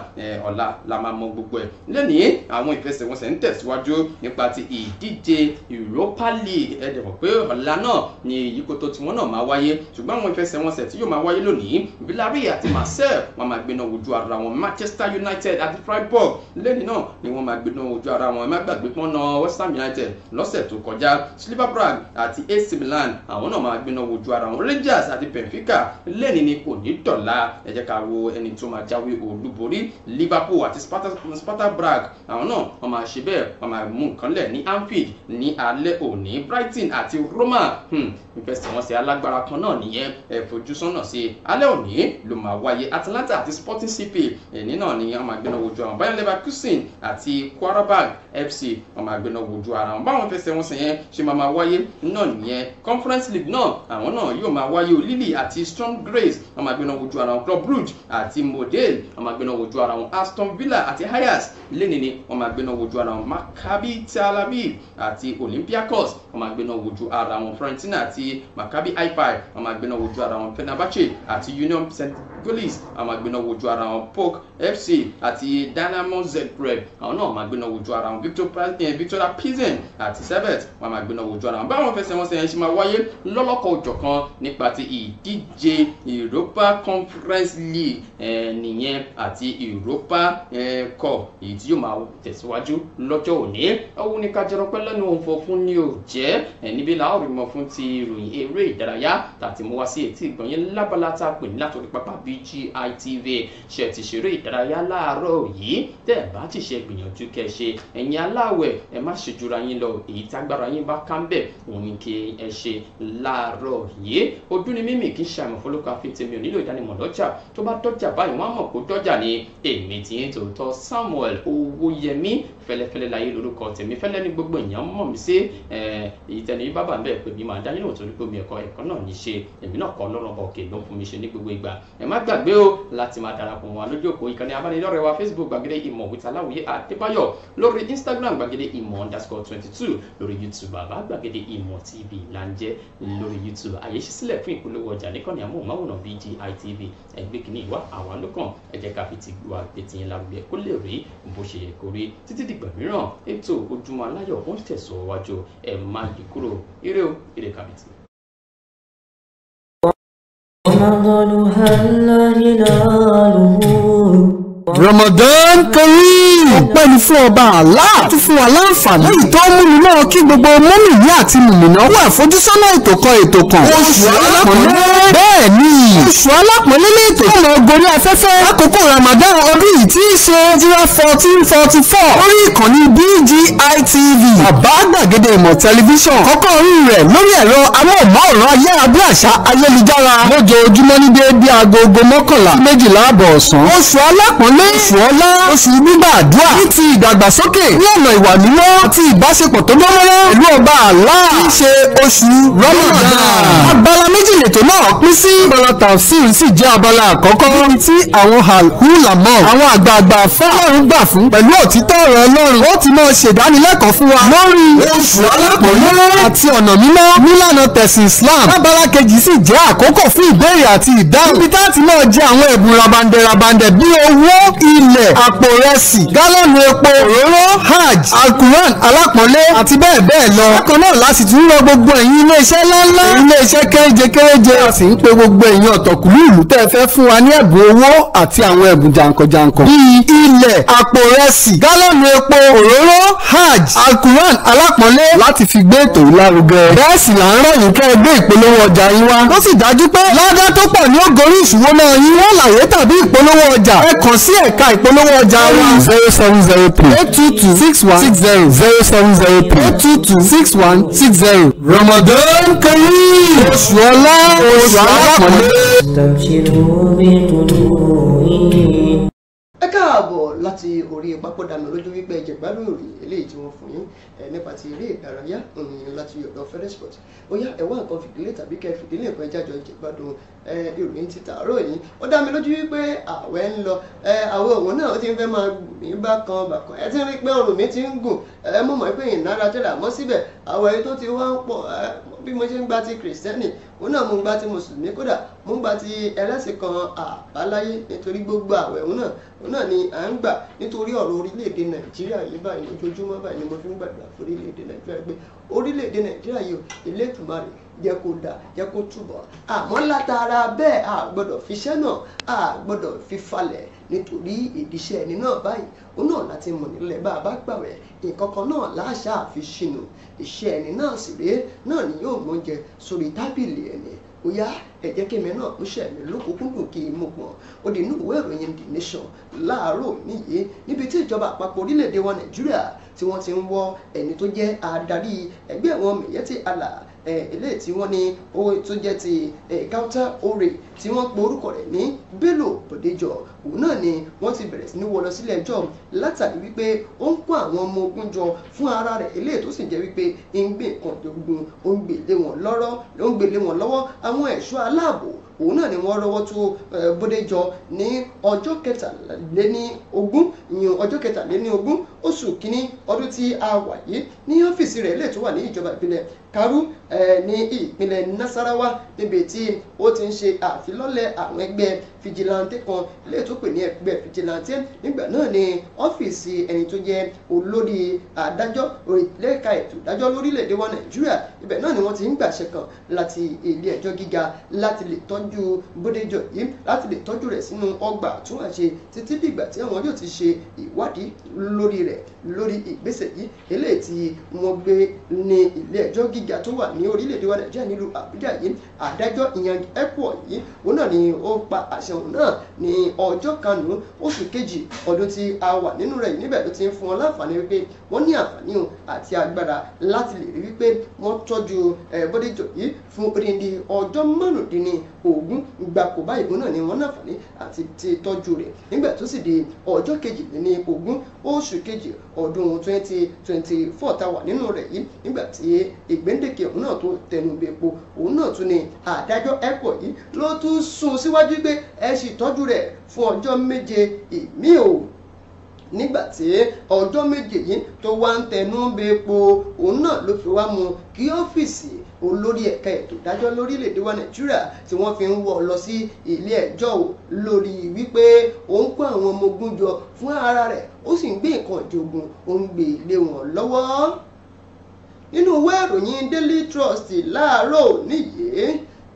ọ̀la la máa mọ gbogbo ẹ̀ lẹ́ni àwọn ìfẹsẹ̀wọnsẹ̀ ń tẹ̀síwájú nípa ti ìdíje Europa League ẹ̀dẹ̀ mọ̀ pé ọ̀la náà ni ìyíkótó tiwọn náà máa wáyé ṣùgbọ́n àwọn ìfẹsẹ̀wọnsẹ̀ tí yóò máa wáyé lónìí Villarreal àti Marseille wọn máa gbéná wojú ara wọn Manchester United àti Freiburg lẹ́ni náà ni wọ́n máa gbéná wojú ara wọn ẹ má gbàgbé pọ́n na West Ham United lọ́sẹ̀ tó kọjá Sliver Prague àti AC Milan àwọn náà máa gbéná wojú ara wọn Rangers àti Benfica lẹ́ni ni kò ní dọ̀la ẹ jẹ́ ká wo ẹni tó máa jáwé Liverpool àti Sparta Sparta Braga park àwọn náà wọ́n máa ṣe bẹ́ẹ̀ wọ́n máa mú nǹkan lẹ̀ ní anfield ní alẹ́ òní brighton àti roma hmm, ìfẹsẹ̀wọnsẹ̀ alágbára kan náà nìyẹn ẹ fojú sọ́nà sí i alẹ́ òní ló máa wáyé atalanta àti sporting cp ẹni náà ni wọ́n máa gbéná wojú àwọn bayern leverkusen àti quarabag fc wọ́n máa gbéná wojú ara wọn báwọn ìfẹsẹ̀wọnsẹ̀ yẹn ṣe máa máa wáyé náà nìyẹn conference league náà àwọn náà yóò máa wáyé o àti strong grace wọ́n máa gbéná wojú ara wọn club brugge àti model wọ́n máa gbéná wojú ara wọn aston villa àti hayas lẹ́ni ni wọ́n máa gbéná wojú ara wọn Maccabi Tel Aviv àti Olympiacos wọ́n máa gbéná wojú ara wọn Fiorentina àti Maccabi Haifa wọ́n máa gbéná wojú ara wọn Fenerbahce àti Union St goalies àwọn agbẹ́nà wojú ara wọn polk fc àti dynamo zagreb àwọn náà máa gbẹ́nà wojú ara wọn victoria pilsen eh, àti servette wọn máa gbẹ́nà wojú ara wọn báwọn fẹsẹ̀wọnsẹ̀ yẹn ṣe máa wáyé lọ́lọ́kọ̀ òjọ̀kan nípa ti ìdíje europa conference league eh, nìyẹn àti europa eh, cup èyí tí yóò máa tẹ̀síwájú lọ́jọ́ òní ọ̀hún ni kájọrọpẹ́ lẹ́nu òǹfọ̀ fún ni ò jẹ́ níbi làwọn rí mọ fún ti ìròyìn eré ìdárayá tàti mú wá sí etí ìgbọ̀nyẹn lábala tá a pè ní látòrí pápá BGI TV ṣe ti ṣeré ìdárayá láàárọ̀ yìí tẹ́ ẹ̀ bá ti ṣe gbìyànjú kẹ́ ẹ ṣe ẹ̀yin aláwẹ̀ ẹ má ṣe jura yín lọ èyí tágbára yín bá ká ń bẹ̀ òun ni kí ẹ ṣe láàárọ̀ yìí ojú ni mímì kì í ṣe àmọ̀ fọlọ́kọ àfihàn mi ò nílò ìdánimọ̀ lọ́jà tó bá dọ́jà báyìí wọ́n á mọ̀ kó dọ́jà ni èmi o é Guilherme fẹ́lẹ́fẹ́lẹ́ láyé lórúkọ tèmi fẹ́lẹ́ ní gbogbo èèyàn mọ̀ mí sí ìtẹnu yìí bábà bẹ́ẹ̀ pé mi máa dá nínú òtún gbogbo ẹ̀kọ́ ẹ̀kọ́ náà ní ṣe èmi náà kọ́ lọ́rọ̀ ọ̀kẹ́ ló ń fún mi ṣe ní gbogbo ìgbà ẹ má gbàgbé o láti máa darapọ̀ wọn lójú òpó ìkànnì abánidọ́rẹ̀ wa Facebook gbàgede ìmọ̀ with aláwòye àdébáyọ̀ lórí Instagram gbàgede ìmọ̀ underscore twenty two lórí YouTube bàbá gbàgede ìmọ̀ TV là ń YouTube àyè ṣí sílẹ̀ fún ìpolówó ọjà níkànnì amóhùnmáwòrán BGI TV ẹgbẹ́ kìíní ìwá àwa ló kàn ẹ jẹ́ ká fi ti wà ètìyìn dìgbà mìíràn ètò ojúmọ́ aláyọ̀ ó ń tẹ̀síwájú ẹ̀ yí kúrò eré o eré kàbìtì. رمضان هل هلاله Ramadan Kareem. ọpẹ́ ni fún ọba Allah tó fún wa láǹfààní. èyí tó mú mi náà kí gbogbo mọ́mìnì àti mùmìnà wà àfojúsọ́nà ètò kan ètò kan. oṣù alápọ̀nlé. bẹ́ẹ̀ ni oṣù alápọ̀nlé ní ètò kan ògòrí afẹ́fẹ́. lákòókò Ramadan ọdún yìí tí í ṣe jíra fourteen forty four. lórí ìkànnì BGI TV. bàbá gbàgede ìmọ̀ tẹlifíṣàn. kọ́kọ́ orí rẹ̀ lórí ẹ̀rọ amóhùnmáwòrán ayárabíàṣá ayélujára. lójoojúmọ́ ní déédéé aago mọ́kànlá méjìlá àbọ̀ ọ̀sán. oṣù alápọ̀nlé wọlé oṣù ọlá oṣù nígbàdúrà ní ti ìdàgbàsókè ní ọ̀nà ìwà mímọ́ àti ìbáṣepọ̀ tó dánmọ́rán pẹ̀lú ọba àlá tí í ṣe oṣù Ramadan. abala méjì lètò náà pín sí. abala tafsir sì jẹ́ abala àkọ́kọ́ níbi tí àwọn al-ulama àwọn àgbààgbà fọ́lọ́run gbà fún pẹ̀lú òtítọ́ ọ̀rọ̀ Ọlọ́run ó ti máa ṣèdánilẹ́kọ̀ọ́ fún wa lórí oṣù alápọ̀lẹ́ àti ọ̀nà mímọ́ nílànà tẹ̀sìn Islam. abala kejì sì jẹ́ àkókò fún ìbéèrè àti ìdáhùn. ibi tá a ti máa jẹ àwọn ẹ̀bùn rabandẹ rabandẹ bíi owó ilẹ̀ àpò rẹsì gálọ́ọ̀nù epo òróró hajj alkuran alápọ̀nlé àti bẹ́ẹ̀ bẹ́ẹ̀ lọ. bákan náà la sì tún rọ gbogbo ẹ̀yin iléeṣẹ́ ńláńlá iléeṣẹ́ kéréje kéréje a sì ń pe gbogbo ẹ̀yin ọ̀tọ̀kùlú ìlú tẹ́ ẹ fẹ́ fún wa ní ẹ̀bùn owó àti àwọn ẹ̀bùn jàǹkànjàǹkàn. bíi ilẹ̀ àpò rẹsì gálọ́ọ̀nù epo òróró hajj alkuran alápọ̀nlé láti fi gbé ètò lárugẹ. bẹ́ẹ̀ sì ẹ̀ka ìpolówó ọjà wa zero seven zero three eight two two six one six zero zero seven zero three eight two two six one six zero. Ramadan Kareem oṣù ọlá oṣù alápọ̀lẹ́ káàbọ̀ láti orí pápódànù lójú wípé ẹ̀jẹ̀ gbádùn ìròyìn eléyìí tí wọ́n fún yín nípa ti eré ìdárayá ìròyìn láti ọ̀dọ̀ fẹ́rẹ́ sport ó yá ẹ̀wọ́n nǹkan fìdílé tàbí kẹ́ fìdílé nǹkan jájọ ẹ̀jẹ̀ gbádùn ìròyìn ti tààrọ̀ yìí ó dá mi lójú wípé àwẹ̀ ń lọ àwẹ̀ òun náà ó ti fẹ́ máa gùn mí bákan bákan ẹ ti rí pé ọrùn mi ti ń gùn ẹ mọ̀ mọ́ pé ìnara tẹ́lẹ̀ bí mo ṣe ń gbá ti kìrìsìtẹ́nì òun náà mo ń gbá ti mùsùlùmí kódà mo ń gbá ti ẹlẹ́sìn kan àbáláyé nítorí gbogbo àwẹ̀ òun náà òun náà ni à ń gbà nítorí ọ̀rọ̀ orílẹ̀-èdè nàìjíríà yìí báyìí lójoojúmọ́ báyìí ni mo fi ń gbàdúrà fún orílẹ̀-èdè nàìjíríà gbé orílẹ̀-èdè nàìjíríà yìí Elédùmarè jẹ́ kó dà jẹ́ kó túbọ̀ àmọ́ látara bẹ́ẹ̀ a gbọ́dọ̀ fiṣẹ́ náà a gbọ́dọ̀ fifalẹ̀ nítorí ìdíṣẹ́ ẹni náà báyìí ó náà láti mọ̀ nílẹ̀ bá a bá gbàwẹ̀ nǹkan kan náà láṣà àfi ṣìnà iṣẹ́ ẹni náà sì rèé náà ni yóò gbọ́njẹ sórí tábìlì ẹni ó yá ẹ jẹ́ kí mi náà tó ṣẹ̀ mí lókùnkúndùn kí n mú pọ̀ ó di inú ìwé ìròyìn the nation láàárọ̀ nìyí níbi tí ìjọba àpapọ̀ orílẹ̀-èdè wa nàìjíríà tí wọ́n ti ń wọ ẹni tó jẹ́ adarí ẹgbẹ́ àwọn mẹ̀yẹ́tì àlà Eh, eléyìí tí wọ́n ní ó tó jẹ́ ti eh, Gauta Ore tí wọ́n pe orúkọ rẹ̀ ní Bello Bọ̀déjọ òun náà ni wọ́n ti bẹ̀rẹ̀ sí ní wọ́ lọ sílé ẹjọ́ látàrí wípé ó ń kó àwọn ọmọ ogun jọ fún ara rẹ̀ eléyìí tó sì jẹ́ wípé ń gbé nǹkan ogun ó ń gbèlé wọn wọn lọ́wọ́ àwọn ẹ̀ṣọ́ aláàbò òun náà ni wọ́n rọ́wọ́ tó eh, Bódéjọ ní ọjọ́ kẹtàléní ogún ìyẹn ọjọ́ kẹtàléní ogún oṣù kínní ọdún tí a wà yìí ní ọ́fíìsì rẹ̀ lè tó wà ní ìjọba ìbílẹ̀ Karu ní ìpínlẹ̀ Nasarawa níbi tí ó ti ń ṣe àfilọ́lẹ̀ àwọn ẹgbẹ́ fìjìláńtẹ́ kan lè tó pè ní ẹgbẹ́ fìjìláńtẹ́ nígbà náà ni ọ́fíìsì ẹni tó jẹ́ olórí adájọ́ lẹ́ka ètò ìdájọ́ lórílẹ̀‐èdè wa Nàìjíríà ibẹ̀ náà ni wọ́n ti ń gbàṣẹ kan láti ilé ẹjọ́ gíga láti lè tọ́jú Bódéjọ yìí láti lè tọ́jú rẹ̀ sínú ọgbà àtúnwàṣe títí dìgbà tí àwọn yóò ti ṣe ìwádìí lórí rẹ̀ lórí ìgbésẹ̀ yìí gíga tó wà ní orílẹ̀-èdè wa nàìjíríà nílùú àbújá yìí adájọ́ ìyẹn ẹ̀pọ̀ yìí òun náà ni ó pa àṣẹ òun náà ní ọjọ́ karùn-ún oṣù kejì ọdún tí a wà nínú rẹ̀ níbẹ̀ ló ti ń fún wọn láǹfààní wípé wọ́n ní àǹfààní o àti agbára láti lè rí wípé wọ́n tọ́jú Bódèjọ yìí fún odindi ọjọ́ márùndínní ogún gbàkó báyìí òun náà ni wọ́n láǹfààní àti ti tọ́jú rẹ̀ nígbà tó sì di ọjọ́ kejì ní ogun, oṣù kejì ọdún 2024 tá a wà nínú rẹ̀ yìí nígbà tí ìgbéǹdèkè òun náà tó tẹnu bèpo òun náà tún ni àdájọ́ ẹ̀kọ́ yìí ló tún sún síwájú pé ẹ sì tọ́jú rẹ̀ fún ọjọ́ méje ìmí o nígbàtí ọjọ́ méje yìí tó wá ń tẹnu bẹ́ẹ̀po òun náà ló fi wá mú kí ọ́fíìsì olórí ẹ̀ka ètò ìdájọ́ lórílẹ̀‐èdè wa nàìjíríà tí wọ́n fi ń wọ̀ lọ sí ilé ẹjọ́ lórí wípé ó ń kó àwọn ọmọ ogun jọ fún ara rẹ̀ ó sì ń gbé nǹkan ìjogun ó ń gbé ilé wọn lọ́wọ́ nínú ìwé ìròyìn Daily Trust láàárọ̀ nìyí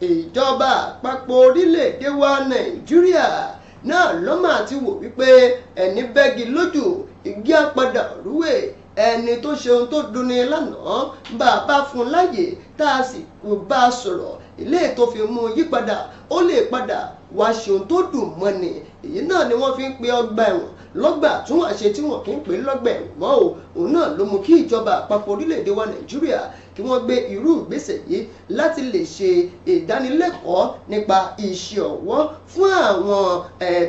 ìjọba àpapọ̀ orílẹ̀‐èdè wa nàìjíríà náà lọ́mà ti wò wípé ẹni bẹ́gi lójú igi apadà rúwè ẹni tó ṣeun tó dunni lánàá bàbá fún láyè tá a sì kò bá a sọ̀rọ̀ ilé tó fi mú yípadà ó lè padà wá ṣeun tó dùn mọ́ni èyí náà ni wọ́n fi ń pe ọgbà ẹ̀wọ̀n lọ́gbà tún tí wọ́n kì í pè lọ́gbà ẹ̀wọ̀n mọ́ o òun náà ló mú kí ìjọba àpapọ̀ orílẹ̀-èdè wa Nàìjíríà kí wọ́n gbé irú ìgbésẹ̀ yìí láti lè ṣe ìdánilẹ́kọ̀ọ́ nípa iṣẹ́ ọwọ́ fún àwọn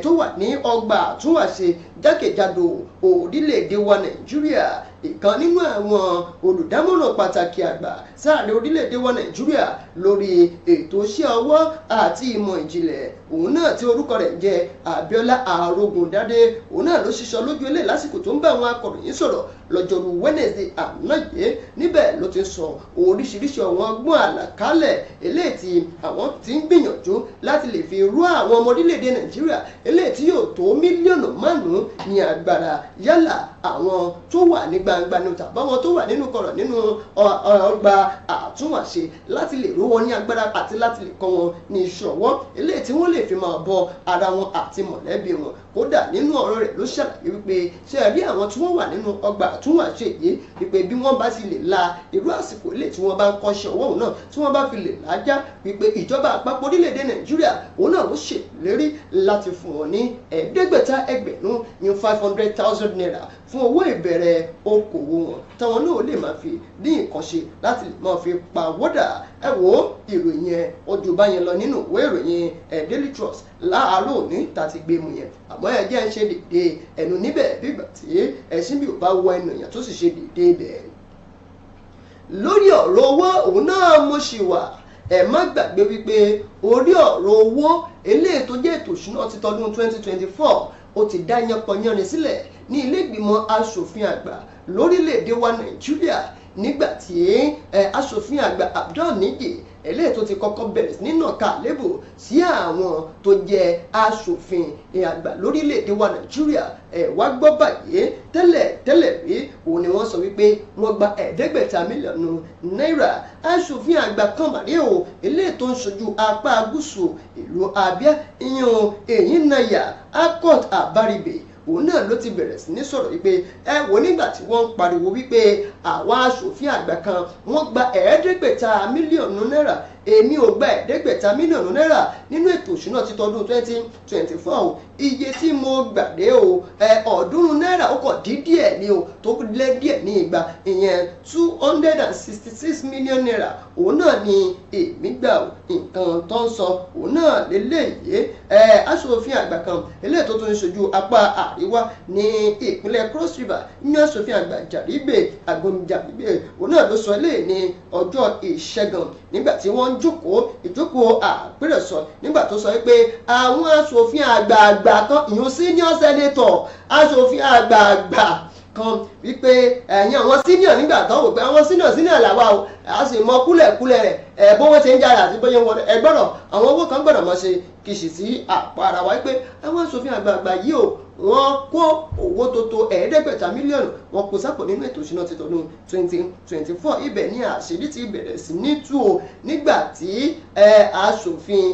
tó wà ní ọgbà àtúnwàṣe jákèjádò orílẹ̀-èdè wa nàìjíríà ìkan nínú àwọn olùdámọ̀ràn pàtàkì àgbà sáàrin orílẹ̀-èdè wa nàìjíríà lórí ètò iṣẹ́ ọwọ́ àti ìmọ̀ ìjìnlẹ̀ òun náà tí orúkọ rẹ̀ jẹ́ abiola arogundade òun náà ló ṣiṣọ́ lójú ilé lásìkò tó ń bá àwọn akọ̀ròyìn sọ̀rọ̀ lọ́jọ́rú Wednesday àná yìí níbẹ̀ ló ti sọ oríṣiríṣi àwọn ọgbọ́n àlàkálẹ̀ eléyìí tí àwọn ti ń gbìyànjú láti lè fi rú àwọn ọmọ orílẹ̀-èdè Nàìjíríà eléyìí tí yóò tó mílíọ̀nù márùn-ún ní agbára yálà àwọn tó wà ní gbangba ní tàbáwọn tó wà nínú kọ̀rọ̀ nínú ọgbà àtúnwàṣe láti lè rú wọn ní agbára àti láti lè kọ́ wọn ní ìṣọ̀wọ́ eléyìí tí wọ́n lè fi máa bọ ara wọn àti mọ̀lẹ́bí wọn kódà nínú ọ̀rọ̀ rẹ̀ ló ṣàlàyé wípé ṣe rí àwọn tí wọ́n wà nínú ọgbà túmọ̀ ṣe yìí wípé bí wọ́n bá sì lè la irú àsìkò ilé tí wọ́n bá ń kọ́ṣẹ́ ọwọ́ òun náà tí wọ́n bá fi lè lájá wípé ìjọba àpapọ̀ orílẹ̀-èdè nàìjíríà òun náà ló ṣèlérí láti fún wọn ní ẹ̀ẹ́dẹ́gbẹ̀ta ẹgbẹ̀rún ní five hundred thousand naira fún owó ìbẹ̀rẹ̀ okòwò wọn táwọn náà lè máa fi ní nǹkan ṣe láti máa fi pàwọ́dà ẹ wo ìròyìn yẹn ojú bá yẹn lọ nínú ìwé ìròyìn ẹ Daily Trust láàárọ̀ òní tàti gbé mu yẹn àmọ́ ẹ jẹ́ ń ṣe dèdè ẹnu níbẹ̀ bígbà tí ẹṣin bí ò bá wọ ẹnu yẹn tó sì ṣe dèdè ibẹ̀. lórí ọ̀rọ̀ owó òun náà mo ṣì wà ẹ má gbàgbé wípé orí ọ̀rọ̀ owó eléyìí jẹ́ ètò ìṣúná ti tọdún 2024 ó ti ní ilé ìgbìmọ̀ asòfin àgbà lórílẹ̀‐èdè wa nàìjíríà nígbà tí asòfin àgbà abdul níjì eléyìí tó ti kọ́kọ́ bẹ̀rẹ̀ nínà ká lébò sí àwọn tó jẹ́ asòfin àgbà lórílẹ̀‐èdè wa nàìjíríà ẹ̀ wá gbọ́ báyìí tẹ́lẹ̀ tẹ́lẹ̀ rí òun ni wọ́n sọ wípé wọ́n gba ẹ̀ẹ́dẹ́gbẹ̀ta mílíọ̀nù náírà asòfin àgbà kan màrí o eléyìí tó ń ṣojú apá gúúsù ìlú abia ìyẹn èyí náyà akọ́t àbáribè òun náà ló ti bẹ̀rẹ̀ sí ní sọ̀rọ̀ wípé ẹ wò nígbà tí wọ́n ń pariwo wípé àwọn aṣòfin àgbà kan wọ́n gba ẹ̀ẹ́dẹ́gbẹ̀ta mílíọ̀nù náírà èmi ò gba ẹ̀ẹ́dẹ́gbẹ̀ta mílíọ̀nù náírà nínú ètò òṣùná ti tọdún twenty twenty four iye tí mo gbàdé o ọ̀ọ́dúnrún náírà ó kọ̀ dín díẹ̀ ni o tó lé díẹ̀ ní ìgbà ìyẹn two hundred and sixty six million naira òun náà ni èmi gbà o nǹkan tó ń sọ òun náà lélẹ́yìí aṣòfin àgbà kan eléyìí tó tún ń ṣojú apá àríwá ní ìpínlẹ̀ cross river ní aṣòfin àgbà jàríbè àgbọ̀njàríbè òun náà ló sọ eléyìí ní ọjọ́ ìṣẹ́gun nígbà tí wọ́n ń jókòó ìjókòó àpérẹ̀sọ nígbà tó sọ pé àwọn asòfin àgbààgbà kan ìyún senior senator asòfin àgbààgbà kan wípé ẹ̀yin àwọn senior nígbà tán wò pé àwọn senior senior làwa o a sì mọ kúlẹ̀kúlẹ̀ rẹ̀ ẹ̀ bó wọ́n ṣe ń jára àti bóyá wọn ẹ gbọ́dọ̀ àwọn owó kan gbọ́dọ̀ mọ̀ ṣe kìsì sí àpò ara wa wípé àwọn asòfin àgbààgbà yìí o wọ́n kó owó tó tó ẹ̀ẹ́dẹ́gbẹ̀ta mílíọ̀nù wọn kò sápò nínú ètò ìṣúná ti tọdún twenty twenty four ibẹ̀ ni àṣírí ti bẹ̀rẹ̀ sí ní tú o nígbà tí asòfin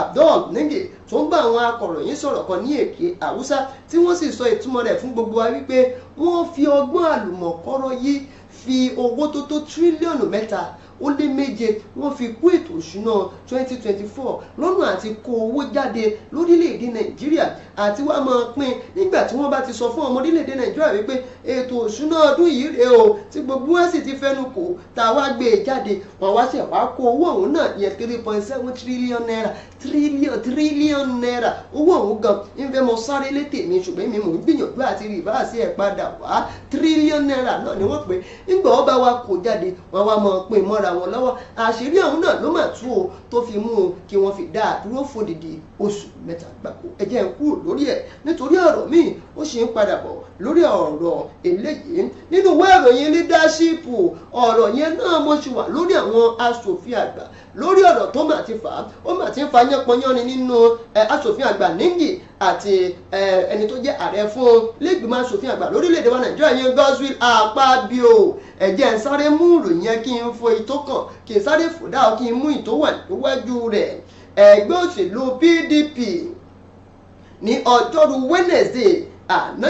Abdul nígè tó ń bá àwọn akọ̀ròyìn sọ̀rọ̀ kan ní èkè Haúsá tí wọ́n sì sọ ìtumọ̀ rẹ̀ fún gbogbo wa wípé ó wọ́n fi ọgbọ́n àlùmọ̀kọ́rọ́ yìí fi owó tó tó tírílíọ̀nù mẹ́ta ó lé méje wọ́n fi kún ètò ìṣúná 2024 lọ́nà àti kó owó jáde lórílẹ̀‐èdè nàìjíríà àti wá máa pín nígbà tí wọ́n bá ti sọ fún ọmọ orílẹ̀-èdè nàìjíríà wípé ètò òṣùná ọdún yìí rèé o tí gbogbo wọn sì ti fẹnu kò tá a wá gbé e jáde wọn wá ṣe wá kó owó ọ̀hún náà yẹ three point seven trillion naira trillion trillion naira owó ọ̀hún gan ń fẹ́ mọ sáré létè mi ṣùgbọ́n mi mò ń gbìyànjú àti rìbáàsì ẹ̀ padà wá trillion naira náà ni wọ́n pè nígbà wọn bá wa kó jáde wọn wá máa pín mọ́ra wọn lọ́wọ́ àṣírí ọ̀hún náà ló mà tú o tó fi mú o kí wọ́n fi dáa dúró fòdìdì oṣù mẹ́ta gbàgbọ́ ẹ̀jẹ̀ ń kúrò lórí ẹ̀ nítorí ọ̀rọ̀ míì ó sì ń padà bọ̀ lórí ọ̀rọ̀ eléyìí nínú ìwé ìròyìn leadership ọ̀rọ̀ yẹn náà mo ṣì wà lórí àwọn asòfin àgbà lórí ọ̀rọ̀ tó mà ti fà á ó mà ti ń fa yánpọnyánni nínú asòfin àgbà níyì àti ẹni tó jẹ́ ààrẹ fún lẹ́gbìmọ̀ asòfin àgbà lórílẹ̀‐èdè wa nàìjíríà yẹn Godswill Akpabio ẹ̀jẹ̀ ń sáré mú ìròyìn yẹn kí n fo ìtókàn kí n sáré fòdà kí n mú ìtówà níwájú rẹ̀ ẹgbẹ́ òṣèlú PDP ní ọjọ́rú Wednesday àná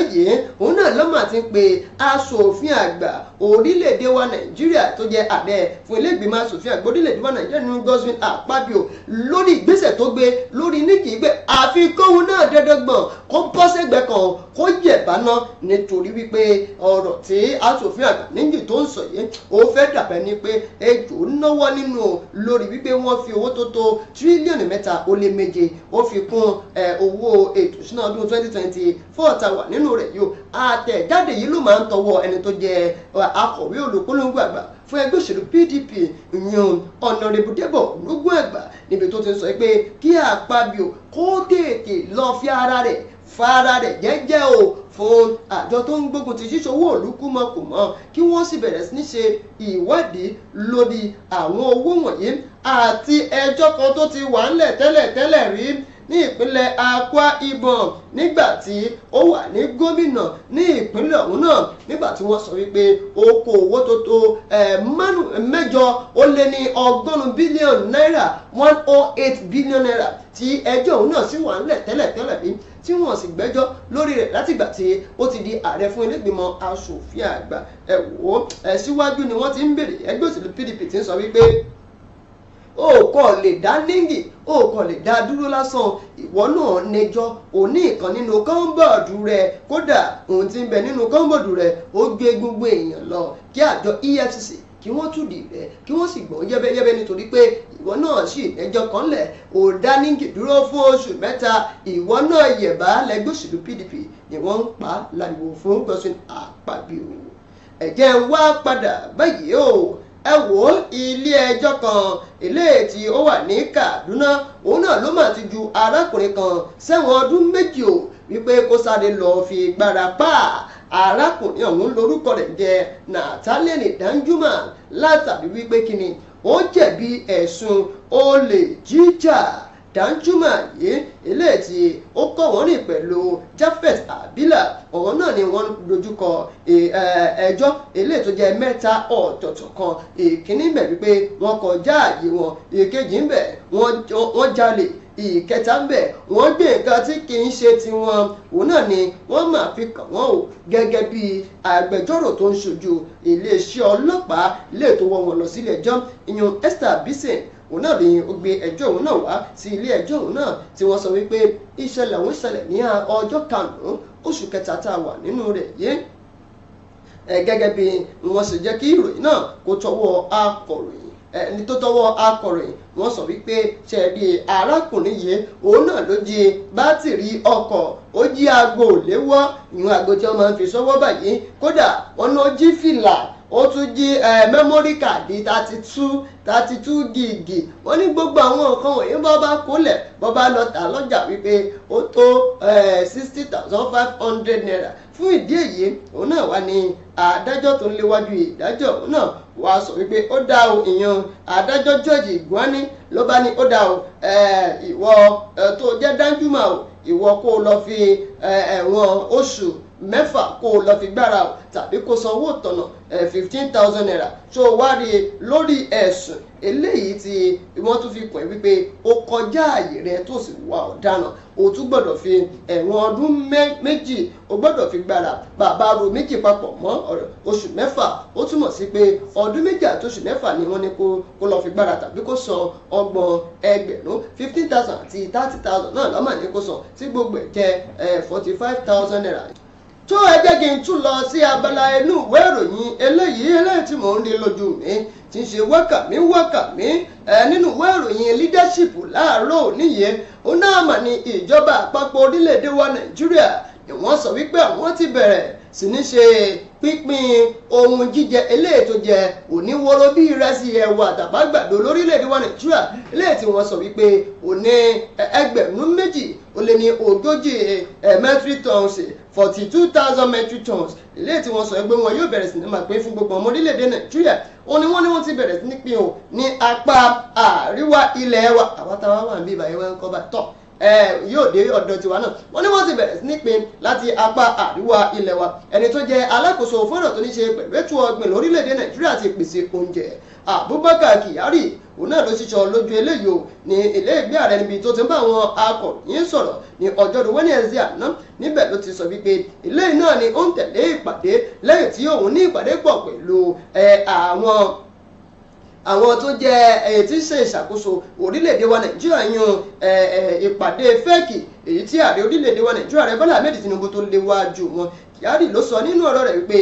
òun náà lọ́mọ àti pé aṣòfin àgbà orílẹ̀-èdè wa nàìjíríà tó jẹ́ ààrẹ fún ilé ìgbìmọ̀ àgbà orílẹ̀-èdè wa nàìjíríà nínú Godswin Akpabio lórí ìgbésẹ̀ tó gbé lórí níkìígbé àfikóhun náà dẹ́dọ́gbọ̀n kó bọ́ sẹ́gbẹ́ kan kó yẹ̀bá nítorí wípé ọ̀rọ̀ tí aṣòfin àgbà níjì tó ń sọ yìí ó fẹ́ dàbẹ́ ni pé ejò náwó nínú lórí wípé wọ́n fi owó tó tó tírílíọ̀nù mẹ́ta ó lé méje ó fi kún owó ètò ìṣúná ọdún twenty fọ́ọ̀tà wà nínú rẹ̀ yìí o àtẹ̀jáde yìí ló máa ń tọwọ́ ẹni tó jẹ́ akọ̀wé olùpolongo àgbà fún ẹgbẹ́ òṣèlú PDP yan ọ̀nàrẹ́bù débọ̀ ológun àgbà níbi tó ti sọ pé kí àpábíò kó tètè lọ fi ara rẹ̀ fara rẹ̀ jẹ́jẹ́ o fún àjọ tó ń gbógun ti ṣíṣòwò olúkúmọkùmọ kí wọ́n sì bẹ̀rẹ̀ sí ní ṣe ìwádìí lórí àwọn owó wọ̀nyí àti ẹjọ́ kan tó ti wà ńlẹ̀ tẹ́lẹ̀ tẹ́lẹ̀ rí ní ìpínlẹ̀ Akwa Ibom nígbà tí ó wà ní gómìnà ní ìpínlẹ̀ ọ̀hún náà nígbà tí wọ́n sọ wípé okòwò tó tó mẹ́jọ ó lé ní ọgọ́rùn-ún bílíọ̀nù náírà one oh eight bílíọ̀nù náírà tí ẹjọ́ ọ̀hún náà sì wà ńlẹ̀ tẹ́lẹ̀tẹ́lẹ̀ bí tí wọ́n sì gbẹ́jọ́ lórí rẹ̀ látìgbà tí ó ti di ààrẹ fún ilégbìmọ̀ asòfin àgbà ẹ̀wò ẹ̀ síwájú ni wọ́n ti ń bèrè ẹgbẹ́ òṣèlú PDP ti ń sọ wípé o kò lè dá língì o kò lè dá dúró lásán ìwọ náà nẹjọ òní ìkan nínú kọ́ńbọ̀dù rẹ kódà òun ti ń bẹ nínú kọ́ńbọ̀dù rẹ ó gbé gbogbo èèyàn lọ kí àjọ EFCC kí wọ́n túdì rẹ̀ kí wọ́n sì gbọ́n yẹ́bẹ́yẹ́bẹ́ nítorí pé ìwọ náà sì ẹjọ́ kan lẹ̀ ò dá níǹkì dúró fún oṣù mẹ́ta ìwọ náà yẹ̀bá lẹ́gbẹ́ òṣèlú PDP ni wọ́n ń pa láriwo fún Godwin Akpabio ẹ̀jẹ̀ wá padà báyìí o ẹ wò ó ilé ẹjọ́ kan eléyìí tí ó wà ní Kaduna òun náà ló mà ti ju arákùnrin kan sẹ́wọ̀n ọdún méjì o wípé kó sáré lọ fi gbára pa arákùnrin ọ̀hún lórúkọ rẹ̀ jẹ́ Nataliani Danjuma látàbí wípé kíni ó jẹ̀bi ẹ̀sùn olè jíjà danjuma yìí eléyìí tí ó kọ́ wọ́n rìn pẹ̀lú Japhet Abila ọ̀rọ̀ náà ni wọ́n dojúkọ ẹjọ́ eléyìí tó jẹ́ mẹ́ta ọ̀tọ̀ọ̀tọ̀ kan ìkíní bẹ̀ wípé wọ́n kọjá àyè wọn ìkejì ń bẹ̀ wọ́n jalè ìkẹta ń bẹ̀ wọ́n gbé nǹkan tí kì í ṣe tiwọn òun náà ni wọ́n máa fi kàn wọ́n o gẹ́gẹ́ bí agbẹjọ́rò tó ń ṣojú iléeṣẹ́ ọlọ́pàá lè tó wọ́ lọ sílé ẹjọ́ ìyún Esther Bisen òun náà lè ó gbé ẹjọ́ òun náà wá sí ilé ẹjọ́ òun náà tí wọ́n sọ wípé ìṣẹ̀lẹ̀ òun ṣẹlẹ̀ ní ọjọ́ karùn-ún oṣù kẹta tá a wà nínú rẹ̀ yìí gẹ́gẹ́ bí wọ́n ṣe jẹ́ kí ìròyìn náà kó tọwọ́ akọ̀ròyìn ẹni tó tọwọ́ akọ̀ròyìn wọ́n sọ wípé ṣẹ̀rí arákùnrin yìí òun náà ló jí bátìrì ọkọ̀ ó jí aago léwọ́ ìwọ̀n aago tí wọ́n máa ń fi sọ́wọ́ báyìí kódà wọ́n náà jí fìlà ó tún jí eh, mẹ́mórì kàdí thirty two thirty two gìgì wọ́n ní gbogbo àwọn nǹkan wọ̀nyí bọ́ bá kólẹ̀ bọ́ bá lọ tà lọ́jà wípé ó tó eh, sixty thousand five hundred naira fún ìdí èyí òun náà wà ní adájọ́ tó ń léwájú ìdájọ́ òun náà wà á sọ wípé ó dá o ìyẹn adájọ́ George Iguani ló bá ní ó dá o eh, ìwọ tó jẹ́ Danjuma o ìwọ kó o lọ fi ẹ̀wọ̀n oṣù mẹ́fà kó o lọ fi gbára o tàbí kó san owó ìtọ̀nà fifteen thousand naira tó o wá rí i lórí ẹ̀sùn eléyìí tí wọ́n tún fi kàn é wípé o kọjá àyè rẹ tó sì wà ọ̀daràn o tún gbọ́dọ̀ fi ẹ̀wọ̀n ọdún méjì o gbọ́dọ̀ fi gbára bàbá ro méjì papọ̀ mọ́ oṣù mẹ́fà ó túmọ̀ sí pé ọdún méjì àti oṣù mẹ́fà ni wọ́n ní kó lọ fi gbára tàbí kó san ọgbọ̀n ẹgbẹ̀rún fifteen thousand àti thirty thousand náà lọ́mọ̀ ní kó san tí gbogbo ẹ̀ jẹ́ forty five thousand naira tó ẹ jẹ́ kí n tún lọ sí abala inú ìwé ìròyìn eléyìí eléyìí tí mò ń rí lójú mi ti ṣe wákàmí wákàmí ẹ nínú ìwé ìròyìn leadership láàárọ̀ níyẹn òun náà mà ní ìjọba àpapọ̀ orílẹ̀-èdè wa Nàìjíríà ni wọ́n sọ wípé àwọn ti bẹ̀rẹ̀ sí ní ṣe pínpín ohun jíjẹ eléyìí tó jẹ òníwóró bí ìrẹsì ẹ̀wà àtàbàgbàdo lórílẹ̀‐èdè wa nàìjíríà eléyìí tí wọ́n sọ wípé òní ẹgbẹ̀rún méjì ó lé ní ogójì metric tons forty two thousand metric tons eléyìí tí wọ́n sọ pé wọn yóò bẹ̀rẹ̀ sí ní máa pín fún gbogbo ọmọ orílẹ̀‐èdè nàìjíríà ó ní wọ́n ní wọ́n ti bẹ̀rẹ̀ sí ní pín o ní apá àríwá ilẹ̀ wa àwọn táwa wà ń bí ìbàyẹ̀wò ẹ̀kọ́ bá tọ̀ yóò dé ọ̀dọ̀ tiwa náà wọ́n ní wọ́n ti bẹ̀rẹ̀ nípìn láti apá àríwá ilẹ̀ wa ẹni tó jẹ́ alákòóso fọ́nà tó ní ṣe pẹ̀lú ètò ọ̀gbìn lórílẹ̀‐èdè nàìjíríà ti pèsè oúnjẹ abubakar kyari òun náà ló ṣiṣọ lójú eléyìí o ní ilé ìgbé ààrẹ níbi tó ti ń bá àwọn akọ̀yìn sọ̀rọ̀ ní ọjọ́rùú wẹ́nẹ̀ẹ́sì àná níbẹ̀ ló ti sọ wípé ilé náà ni ó ń tẹ̀lé ìpàdé lẹ́yìn tí òun ní ìpàdé pọ̀ pẹ̀lú àwọn àwọn tó jẹ ẹyẹ eh, tí ń ṣe ìṣàkóso orílẹ̀-èdè wa nàìjíríà yan eh, eh, ìpàdé fẹ́ẹ̀kì èyí tí ààrẹ orílẹ̀-èdè wa nàìjíríà rẹ bọ́lá ahmed tinubu tó léwájú wọn kyari ló sọ nínú ọ̀rọ̀ rẹ̀ wípé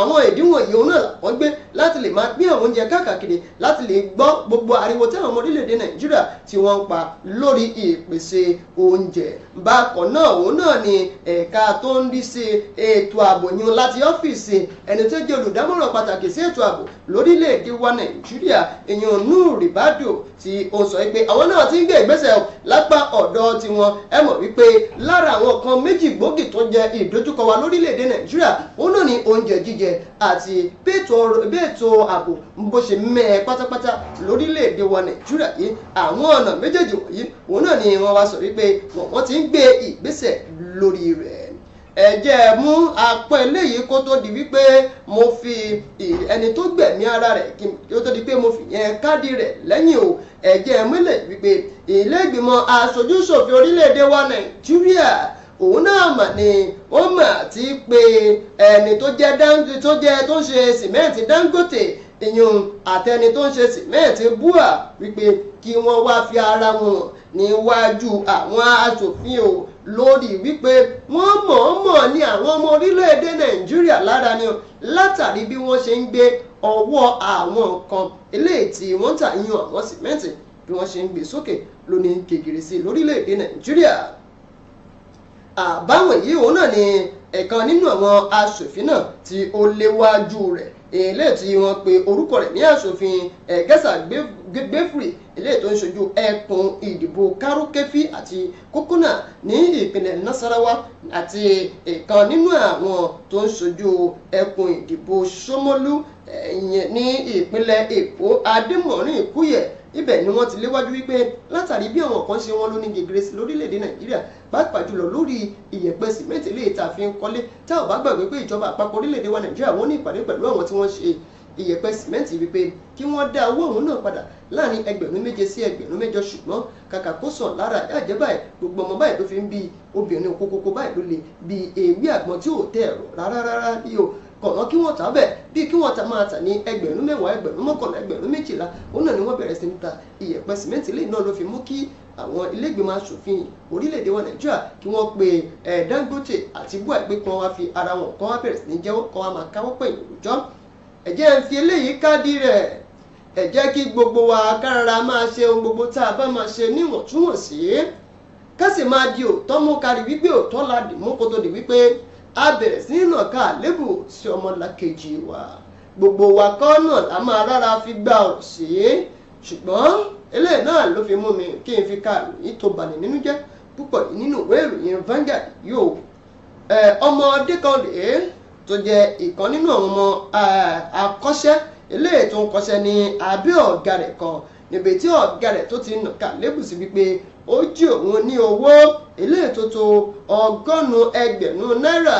àwọn ìdínwó yìí òun náà wọ́n gbé láti lè máa gbé àwọn oúnjẹ káàkiri láti lè gbọ́ gbogbo ariwo tí àwọn ọmọ orílẹ̀-èdè nàìjíríà tí wọ́n ń pa lórí ìpèsè oúnjẹ bákan náà òun náà ni ẹ̀ka tó ń rí sí ètò ààbò yun láti ọ́fíìsì ẹni tó jẹ́ olùdámọ̀ràn pàtàkì sí ètò ààbò lórílẹ̀-èdè wa nàìjíríà èèyàn Nuhu Ribadu tí ó sọ pé àwọn náà ti ń gbé ìgbésẹ̀ lápá ọ̀dọ̀ tiwọn ẹ wípé lára àwọn kan méjì lórílẹ̀‐èdè nàìjíríà òun náà ni oúnjẹ jíjẹ àti bẹ́ẹ̀tò ààbò bó ṣe mẹ́ẹ̀ pátápátá lórílẹ̀‐èdè wa nàìjíríà yìí àwọn ọ̀nà méjèèjì wọ̀nyí òun náà ni wọ́n wá sọ wípé wọ́n ti ń gbé ìgbésẹ̀ lórí rẹ̀ ẹ̀jẹ̀ mú apọ̀ eléyìí kó tó di wípé mo fi ẹni tó gbẹ̀mí ara rẹ̀ kí ó tó di pé mo fi yẹn káàdì rẹ̀ lẹ́yìn o ẹ̀jẹ̀ mú ilẹ̀ wípé ilé ìgbìmọ̀ òun náà mà ni wọ́n mà ti pé ẹni tó jẹ́ tó jẹ́ tó ń ṣe sìmẹ́ǹtì Dangote ìyún àtẹni tó ń ṣe sìmẹ́ǹtì bua wípé kí wọ́n wá fi ara wọn níwájú àwọn aṣòfin o lórí wípé wọ́n mọ̀ọ́mọ̀ ní àwọn ọmọ orílẹ̀-èdè Nàìjíríà lára ni látàrí bí wọ́n ṣe ń gbé ọwọ́ àwọn nǹkan eléyìí tí wọ́n tà yún àwọn sìmẹ́ǹtì bí wọ́n ṣe ń gbé sókè lóní gegere sí lórílẹ̀-èdè Nàìjíríà àbáwọn yìí òun náà ni ẹ̀kan nínú àwọn aṣòfin náà tí ó léwájú rẹ̀ èlé tí wọ́n pe orúkọ rẹ̀ ní aṣòfin ẹ̀gẹ́sà gbẹ́fùrì èlé tó ń ṣojú ẹkùn ìdìbò kárókẹ́fì àti kókónà ní ìpínlẹ̀ nasarawa àti ẹ̀kan nínú àwọn tó ń ṣojú ẹkùn ìdìbò sómólú ní ìpínlẹ̀ èkó adémọ̀rin ìkúyẹ̀ ibẹ̀ ni wọ́n ti léwájú wípé látàrí bí àwọn kan ṣe wọ́n ló ní gègéré sí lórílẹ̀‐èdè nàìjíríà pàápàá jùlọ lórí ìyẹ̀pẹ̀ sìmẹ́ǹtì eléyìí tá a fi ń kọ́lé tá ò bá gbàgbé pé ìjọba àpapọ̀ orílẹ̀-èdè wa nàìjíríà wọ́n ní ìpàdé pẹ̀lú àwọn tí wọ́n ṣe ìyẹ̀pẹ̀ sìmẹ́ǹtì wípé kí wọ́n dá owó òun náà padà láàrin ẹgbẹ̀rún méje sí ẹgbẹ̀rún mẹ́jọ ṣùgbọ́n kàkà kó sàn lára àjẹ́ báyìí gbogbo ọmọ báyìí tó fi ń bi obìnrin òkókókó báyìí ló le bi èwe àgbọn tí ò tẹ̀ ẹ̀rọ rárá rárá ni o kọ̀ọ̀nà kí wọ́n tà bẹ̀ bí kí wọ́n ta máa tà ní ẹgbẹ̀rún mẹ́wàá ẹgbẹ̀rún mọ́kànlá ẹgbẹ̀rún méjìlá òun náà ni wọ́n bẹ̀rẹ̀ sí ní ta ìyẹ̀pẹ̀ sìmẹ́ǹtì lẹ́yìn náà ló fi mú kí àwọn ilégbèmọ̀ asòfin orílẹ̀-èdè wa nàìjíríà kí wọ́n pe ẹ̀ dangote àti buhari pé kí wọ́n wá fi ara wọn kọ́ wá bẹ̀rẹ̀ sí ní jẹ́wọ́ kọ́ wá máa káwọ́ pẹ̀yìn òòjọ́ ẹ ń fi eléyìí kádìí rẹ̀ ẹ kí gbogbo wa kárara máa ṣe ohun gbogbo tá a bá máa ṣe níwọ̀ntúnwọ̀nsì ká máa di òótọ́ mú kárí wípé òótọ́ la dì mú kótó di wípé a bẹ̀rẹ̀ sí nínà ká lébù sí ọmọlàkejì wa gbogbo wa kọ́ náà la máa rárá fi gbà ọ̀ sí ṣùgbọ́n eléyìí náà ló fi mú mi kí n fi ka ìròyìn tó bani nínú jẹ́ púpọ̀ nínú ìwé ìròyìn Vanguard yóò ọmọdé kan rèé tó jẹ́ ìkan nínú àwọn ọmọ akọ́ṣẹ́ eléyìí tó ń kọ́ṣẹ́ ní abẹ́ ọ̀gá rẹ̀ kan níbi tí ọ̀gá rẹ̀ tó ti nàka lébùsí wípé ó jí òun ní owó eléyìí tó tó ọgọ́rùn ẹgbẹ̀rún náírà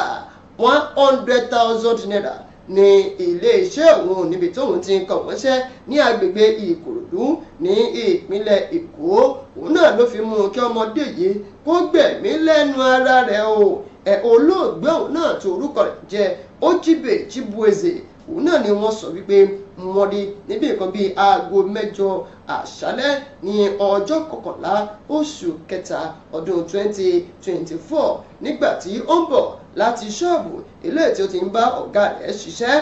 one hundred thousand naira ní iléeṣẹ́ òun níbi tóun ti ń kọ̀wọ́ṣẹ́ ní agbègbè ìkòròdú ní ìpínlẹ̀ èkó òun náà ló fi mú kí ọmọdé yìí kó gbẹ̀mí lẹ́nu ara rẹ̀ o ẹ̀ olóògbé òun náà tó orúkọ rẹ̀ jẹ́ Ojibe Chibueze òun náà ni wọ́n sọ wípé wọ́n rí níbi nǹkan bíi aago mẹ́jọ àṣálẹ́ ní ọjọ́ kọkànlá oṣù kẹta ọdún 2024 nígbà tí ó ń bọ̀ láti ṣọ́ọ̀bù ilé tí ó ti ń bá ọ̀gá rẹ̀ ṣiṣẹ́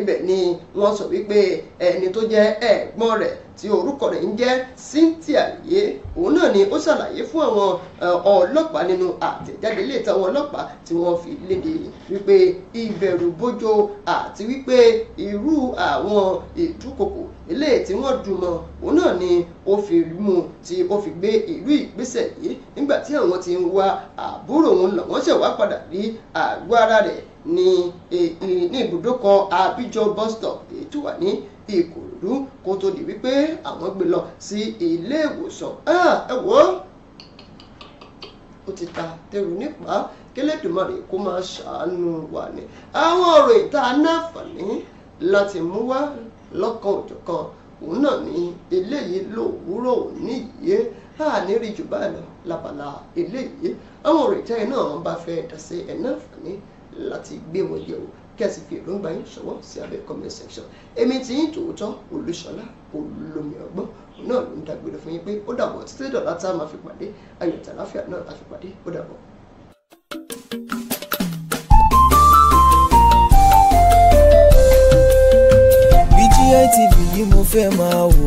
ibẹ̀ ni wọ́n sọ wípé ẹni tó jẹ́ ẹ̀gbọ́n rẹ̀ tí orúkọ rẹ̀ ń jẹ́ Cynthia yé òun náà ni ó ṣàlàyé fún àwọn ọlọ́pàá nínú àtẹ̀jáde ilé ìtàwọn ọlọ́pàá tí wọ́n fi léde wípé ìbẹ̀rù bójó àti wípé irú àwọn ìdúkokò ilé tí wọ́n dùmọ̀ òun náà ni ó fi mú tí ó fi gbé ìlú ìgbésẹ̀ yìí nígbà tí àwọn ti ń wá àbúrò òun lọ́wọ́ ṣẹ̀ wá padà rí àgọ́ ara rẹ̀ ní e, e, ní ibùdókọ̀ Abijọ bus stop èyí tó wà ní Ìkòròdú kó tó di wípé àwọn gbé lọ sí ilé ìwòsàn ẹ wò ó ó ti ta tẹrù nípa kélédùmarè kó máa ṣàánú wa ni àwọn ọ̀rọ̀ ìta anáfààní láti mú wá lọ́kàn òjọ̀kan òun náà ní eléyìí lòwúrọ̀ òní yìí àní rí jù báyìí lọ lábala eléyìí àwọn ọ̀rọ̀ ìta yìí náà bá fẹ́ dá ẹ̀ náà fàní láti gbé wọn yẹ̀ wò kí a sì fi èròǹgbà yín ṣọwọ́ sí abẹ́ comment section èmi tí yín tòótọ́ olùṣọlá olómi ọgbọ́n náà ló ń dágbére fún yín pé ó dàbọ̀ títí dọ̀lá tá a máa fi pàdé ayọ̀ tàlàáfíà náà la pàdé ó dàbọ̀. BGI TV yìí mo fẹ́ máa wò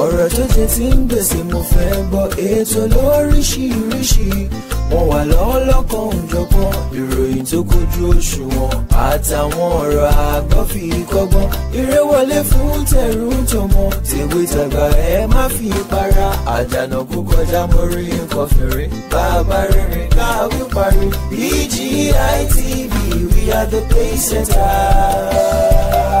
ọ̀rọ̀ tó jẹ ti ń gbèsè mo fẹ́ gbọ́ ètò lóríṣiríṣi wọ́n wà lọ́wọ́ lọ́kàn òjọ̀kan ìròyìn tó kojú òṣùwọ̀n àtàwọn ọ̀rọ̀ àgbọ́ fi kọ́gbọ́n eré wọlé fún tẹ̀rù tọmọ tèwe tàgbà ẹ má fi para àdànà kú kọjá mọ́rí nǹkan fèrè bàbá rìnrìn káwí parí BGI TV we are the pace setters